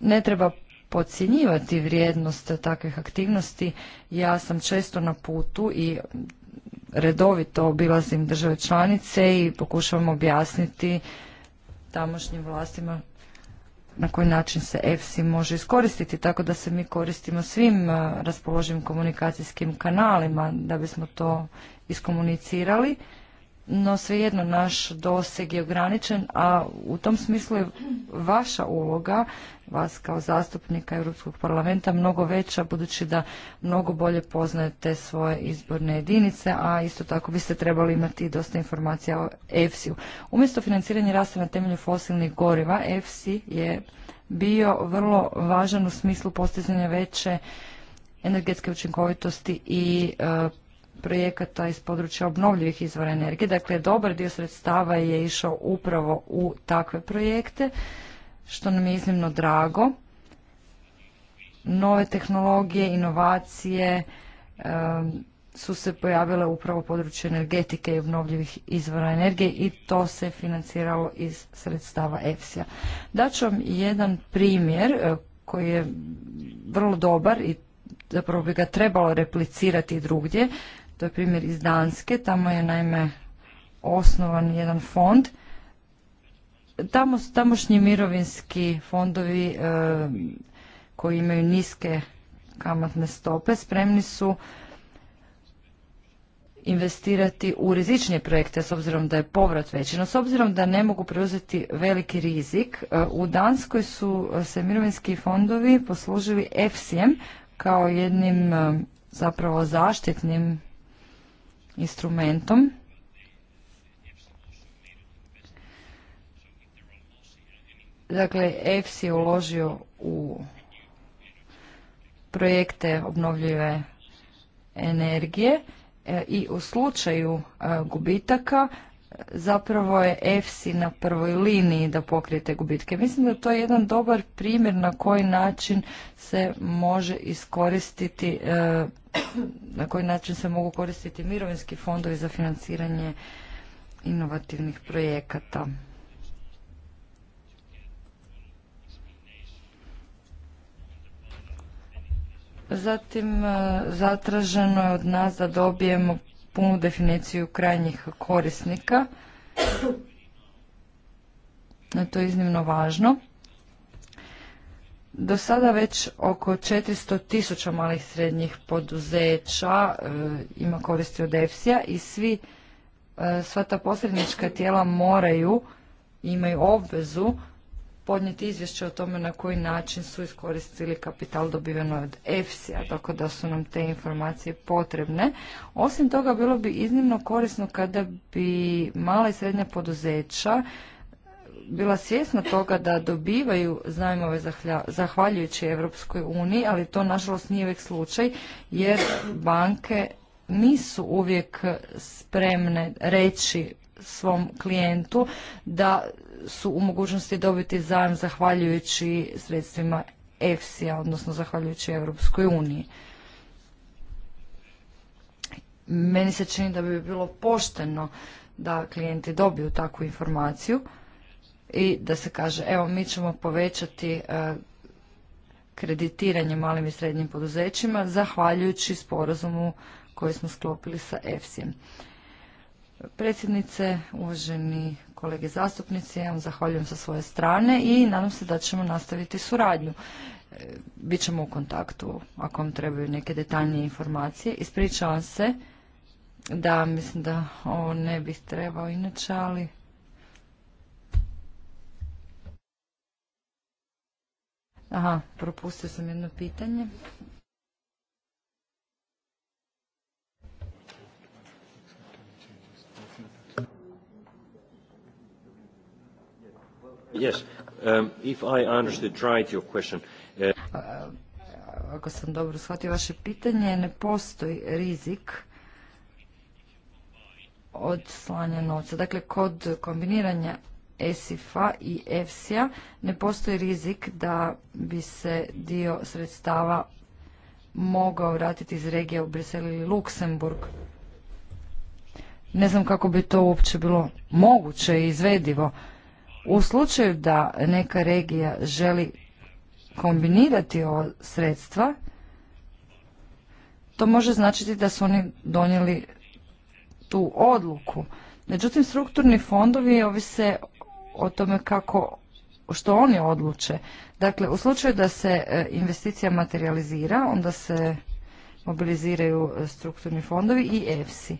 ne treba podcjenjivati vrijednost takvih aktivnosti. Ja sam često na putu i redovito obilazim države članice i pokušavam objasniti tamošnjim vlastima na koji način se EFSI može iskoristiti, tako da se mi koristimo svim raspoloživim komunikacijskim kanalima da bismo to iskomunicirali no svejedno naš doseg je ograničen, a u tom smislu je vaša uloga, vas kao zastupnika Europskog parlamenta, mnogo veća, budući da mnogo bolje poznajete svoje izborne jedinice, a isto tako biste trebali imati dosta informacija o EFSI-u. Umjesto financiranja rasta na temelju fosilnih goriva, EFSI je bio vrlo važan u smislu postizanja veće energetske učinkovitosti i e, projekata iz područja obnovljivih izvora energije. Dakle, dobar dio sredstava je išao upravo u takve projekte, što nam je iznimno drago. Nove tehnologije, inovacije su se pojavile upravo u području energetike i obnovljivih izvora energije i to se financiralo iz sredstava EFSI-a. Daću vam jedan primjer e, koji je vrlo dobar i zapravo bi ga trebalo replicirati drugdje. To je primjer iz Danske, tamo je naime osnovan jedan fond. Tamo, tamošnji mirovinski fondovi e, koji imaju niske kamatne stope spremni su investirati u rizičnije projekte s obzirom da je povrat veći. No s obzirom da ne mogu preuzeti veliki rizik, e, u Danskoj su e, se mirovinski fondovi poslužili FCM kao jednim zapravo zaštitnim instrumentom. Dakle, EFS je uložio u projekte obnovljive energije e, i u slučaju e, gubitaka zapravo je EFSI na prvoj liniji da pokrije te gubitke. Mislim da to je jedan dobar primjer na koji način se može iskoristiti, e, na koji način se mogu koristiti mirovinski fondovi za financiranje inovativnih projekata. Zatim e, zatraženo je od nas da dobijemo punu definiciju krajnjih korisnika. To je iznimno važno. Do sada već oko 400 tisuća malih srednjih poduzeća e, ima koristi od EFSI-a i svi, e, sva ta posrednička tijela moraju, imaju obvezu podnijeti izvješće o tome na koji način su iskoristili kapital dobiveno od EFSI-a, tako da su nam te informacije potrebne. Osim toga, bilo bi iznimno korisno kada bi mala i srednja poduzeća bila svjesna toga da dobivaju zajmove zahvaljujući Europskoj uniji, ali to nažalost nije uvijek slučaj jer banke nisu uvijek spremne reći svom klijentu da su u mogućnosti dobiti zajam zahvaljujući sredstvima EFSI-a, odnosno zahvaljujući Europskoj uniji. Meni se čini da bi bilo pošteno da klijenti dobiju takvu informaciju i da se kaže evo mi ćemo povećati e, kreditiranje malim i srednjim poduzećima zahvaljujući sporazumu koji smo sklopili sa EFSI-em. Predsjednice, uvaženi kolege zastupnici. Ja vam zahvaljujem sa svoje strane i nadam se da ćemo nastaviti suradnju. E, Bićemo u kontaktu ako vam trebaju neke detaljnije informacije. Ispričavam se da mislim da ovo ne bih trebao inače, ali... Aha, propustio sam jedno pitanje. Yes. Um, if I your question. Uh, uh, ako sam dobro shvatio vaše pitanje, ne postoji rizik od slanja novca. Dakle, kod kombiniranja esif i EFSI-a ne postoji rizik da bi se dio sredstava mogao vratiti iz regije u Brisel ili Luksemburg. Ne znam kako bi to uopće bilo moguće i izvedivo. U slučaju da neka regija želi kombinirati ova sredstva, to može značiti da su oni donijeli tu odluku. Međutim, strukturni fondovi ovise o tome kako, što oni odluče. Dakle, u slučaju da se e, investicija materializira, onda se mobiliziraju e, strukturni fondovi i EFSI.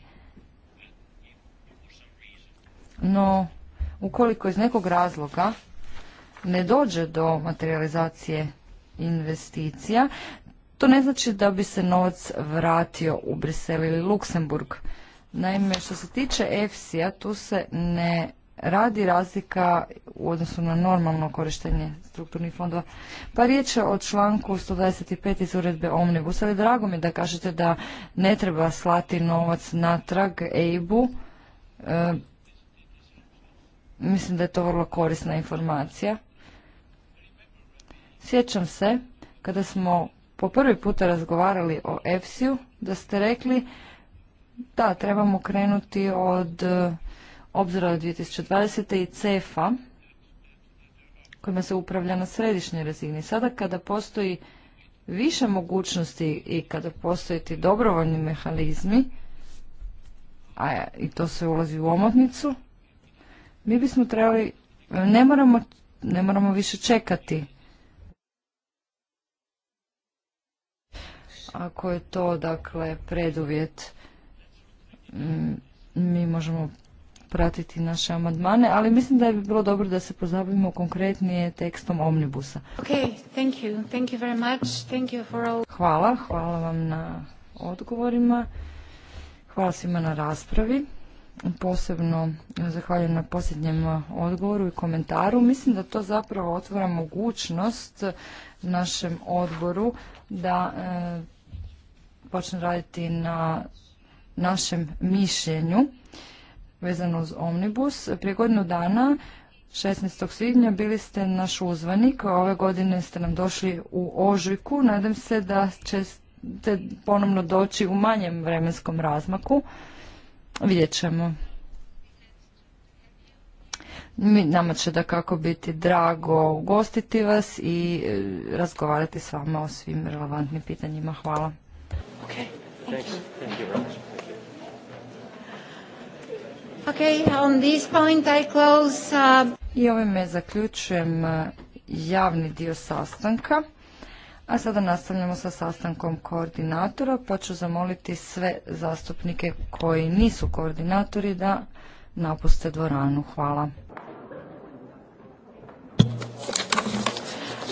No, ukoliko iz nekog razloga ne dođe do materializacije investicija, to ne znači da bi se novac vratio u Brisel ili Luksemburg. Naime, što se tiče EFSI-a, tu se ne radi razlika u odnosu na normalno korištenje strukturnih fondova. Pa riječ je o članku 125 iz uredbe Omnibus, ali drago mi da kažete da ne treba slati novac natrag EIB-u, e, Mislim da je to vrlo korisna informacija. Sjećam se kada smo po prvi puta razgovarali o EFSI-u da ste rekli da trebamo krenuti od e, obzora 2020. i CEFA kojima se upravlja na središnjoj razini. Sada kada postoji više mogućnosti i kada postoje ti dobrovoljni mehanizmi, a i to se ulazi u omotnicu, mi bismo trebali, ne moramo, ne moramo više čekati. Ako je to, dakle, preduvjet, mi možemo pratiti naše amandmane, ali mislim da bi bilo dobro da se pozabavimo konkretnije tekstom Omnibusa. Hvala, hvala vam na odgovorima. Hvala svima na raspravi posebno zahvaljujem na posljednjem odgovoru i komentaru. Mislim da to zapravo otvara mogućnost našem odboru da e, počne raditi na našem mišljenju vezano uz Omnibus. Prije godinu dana 16. svibnja bili ste naš uzvanik, ove godine ste nam došli u ožujku. Nadam se da ćete ponovno doći u manjem vremenskom razmaku. Vidjet ćemo. nama će da kako biti drago ugostiti vas i e, razgovarati s vama o svim relevantnim pitanjima. Hvala. Okay. Uh, I ovime zaključujem e, javni dio sastanka. A sada nastavljamo sa sastankom koordinatora, pa ću zamoliti sve zastupnike koji nisu koordinatori da napuste dvoranu. Hvala.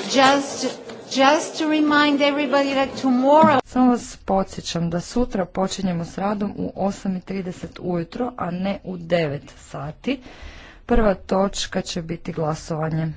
Just, just everybody Samo vas podsjećam da sutra počinjemo s radom u 8.30 ujutro, a ne u 9 sati. Prva točka će biti glasovanje.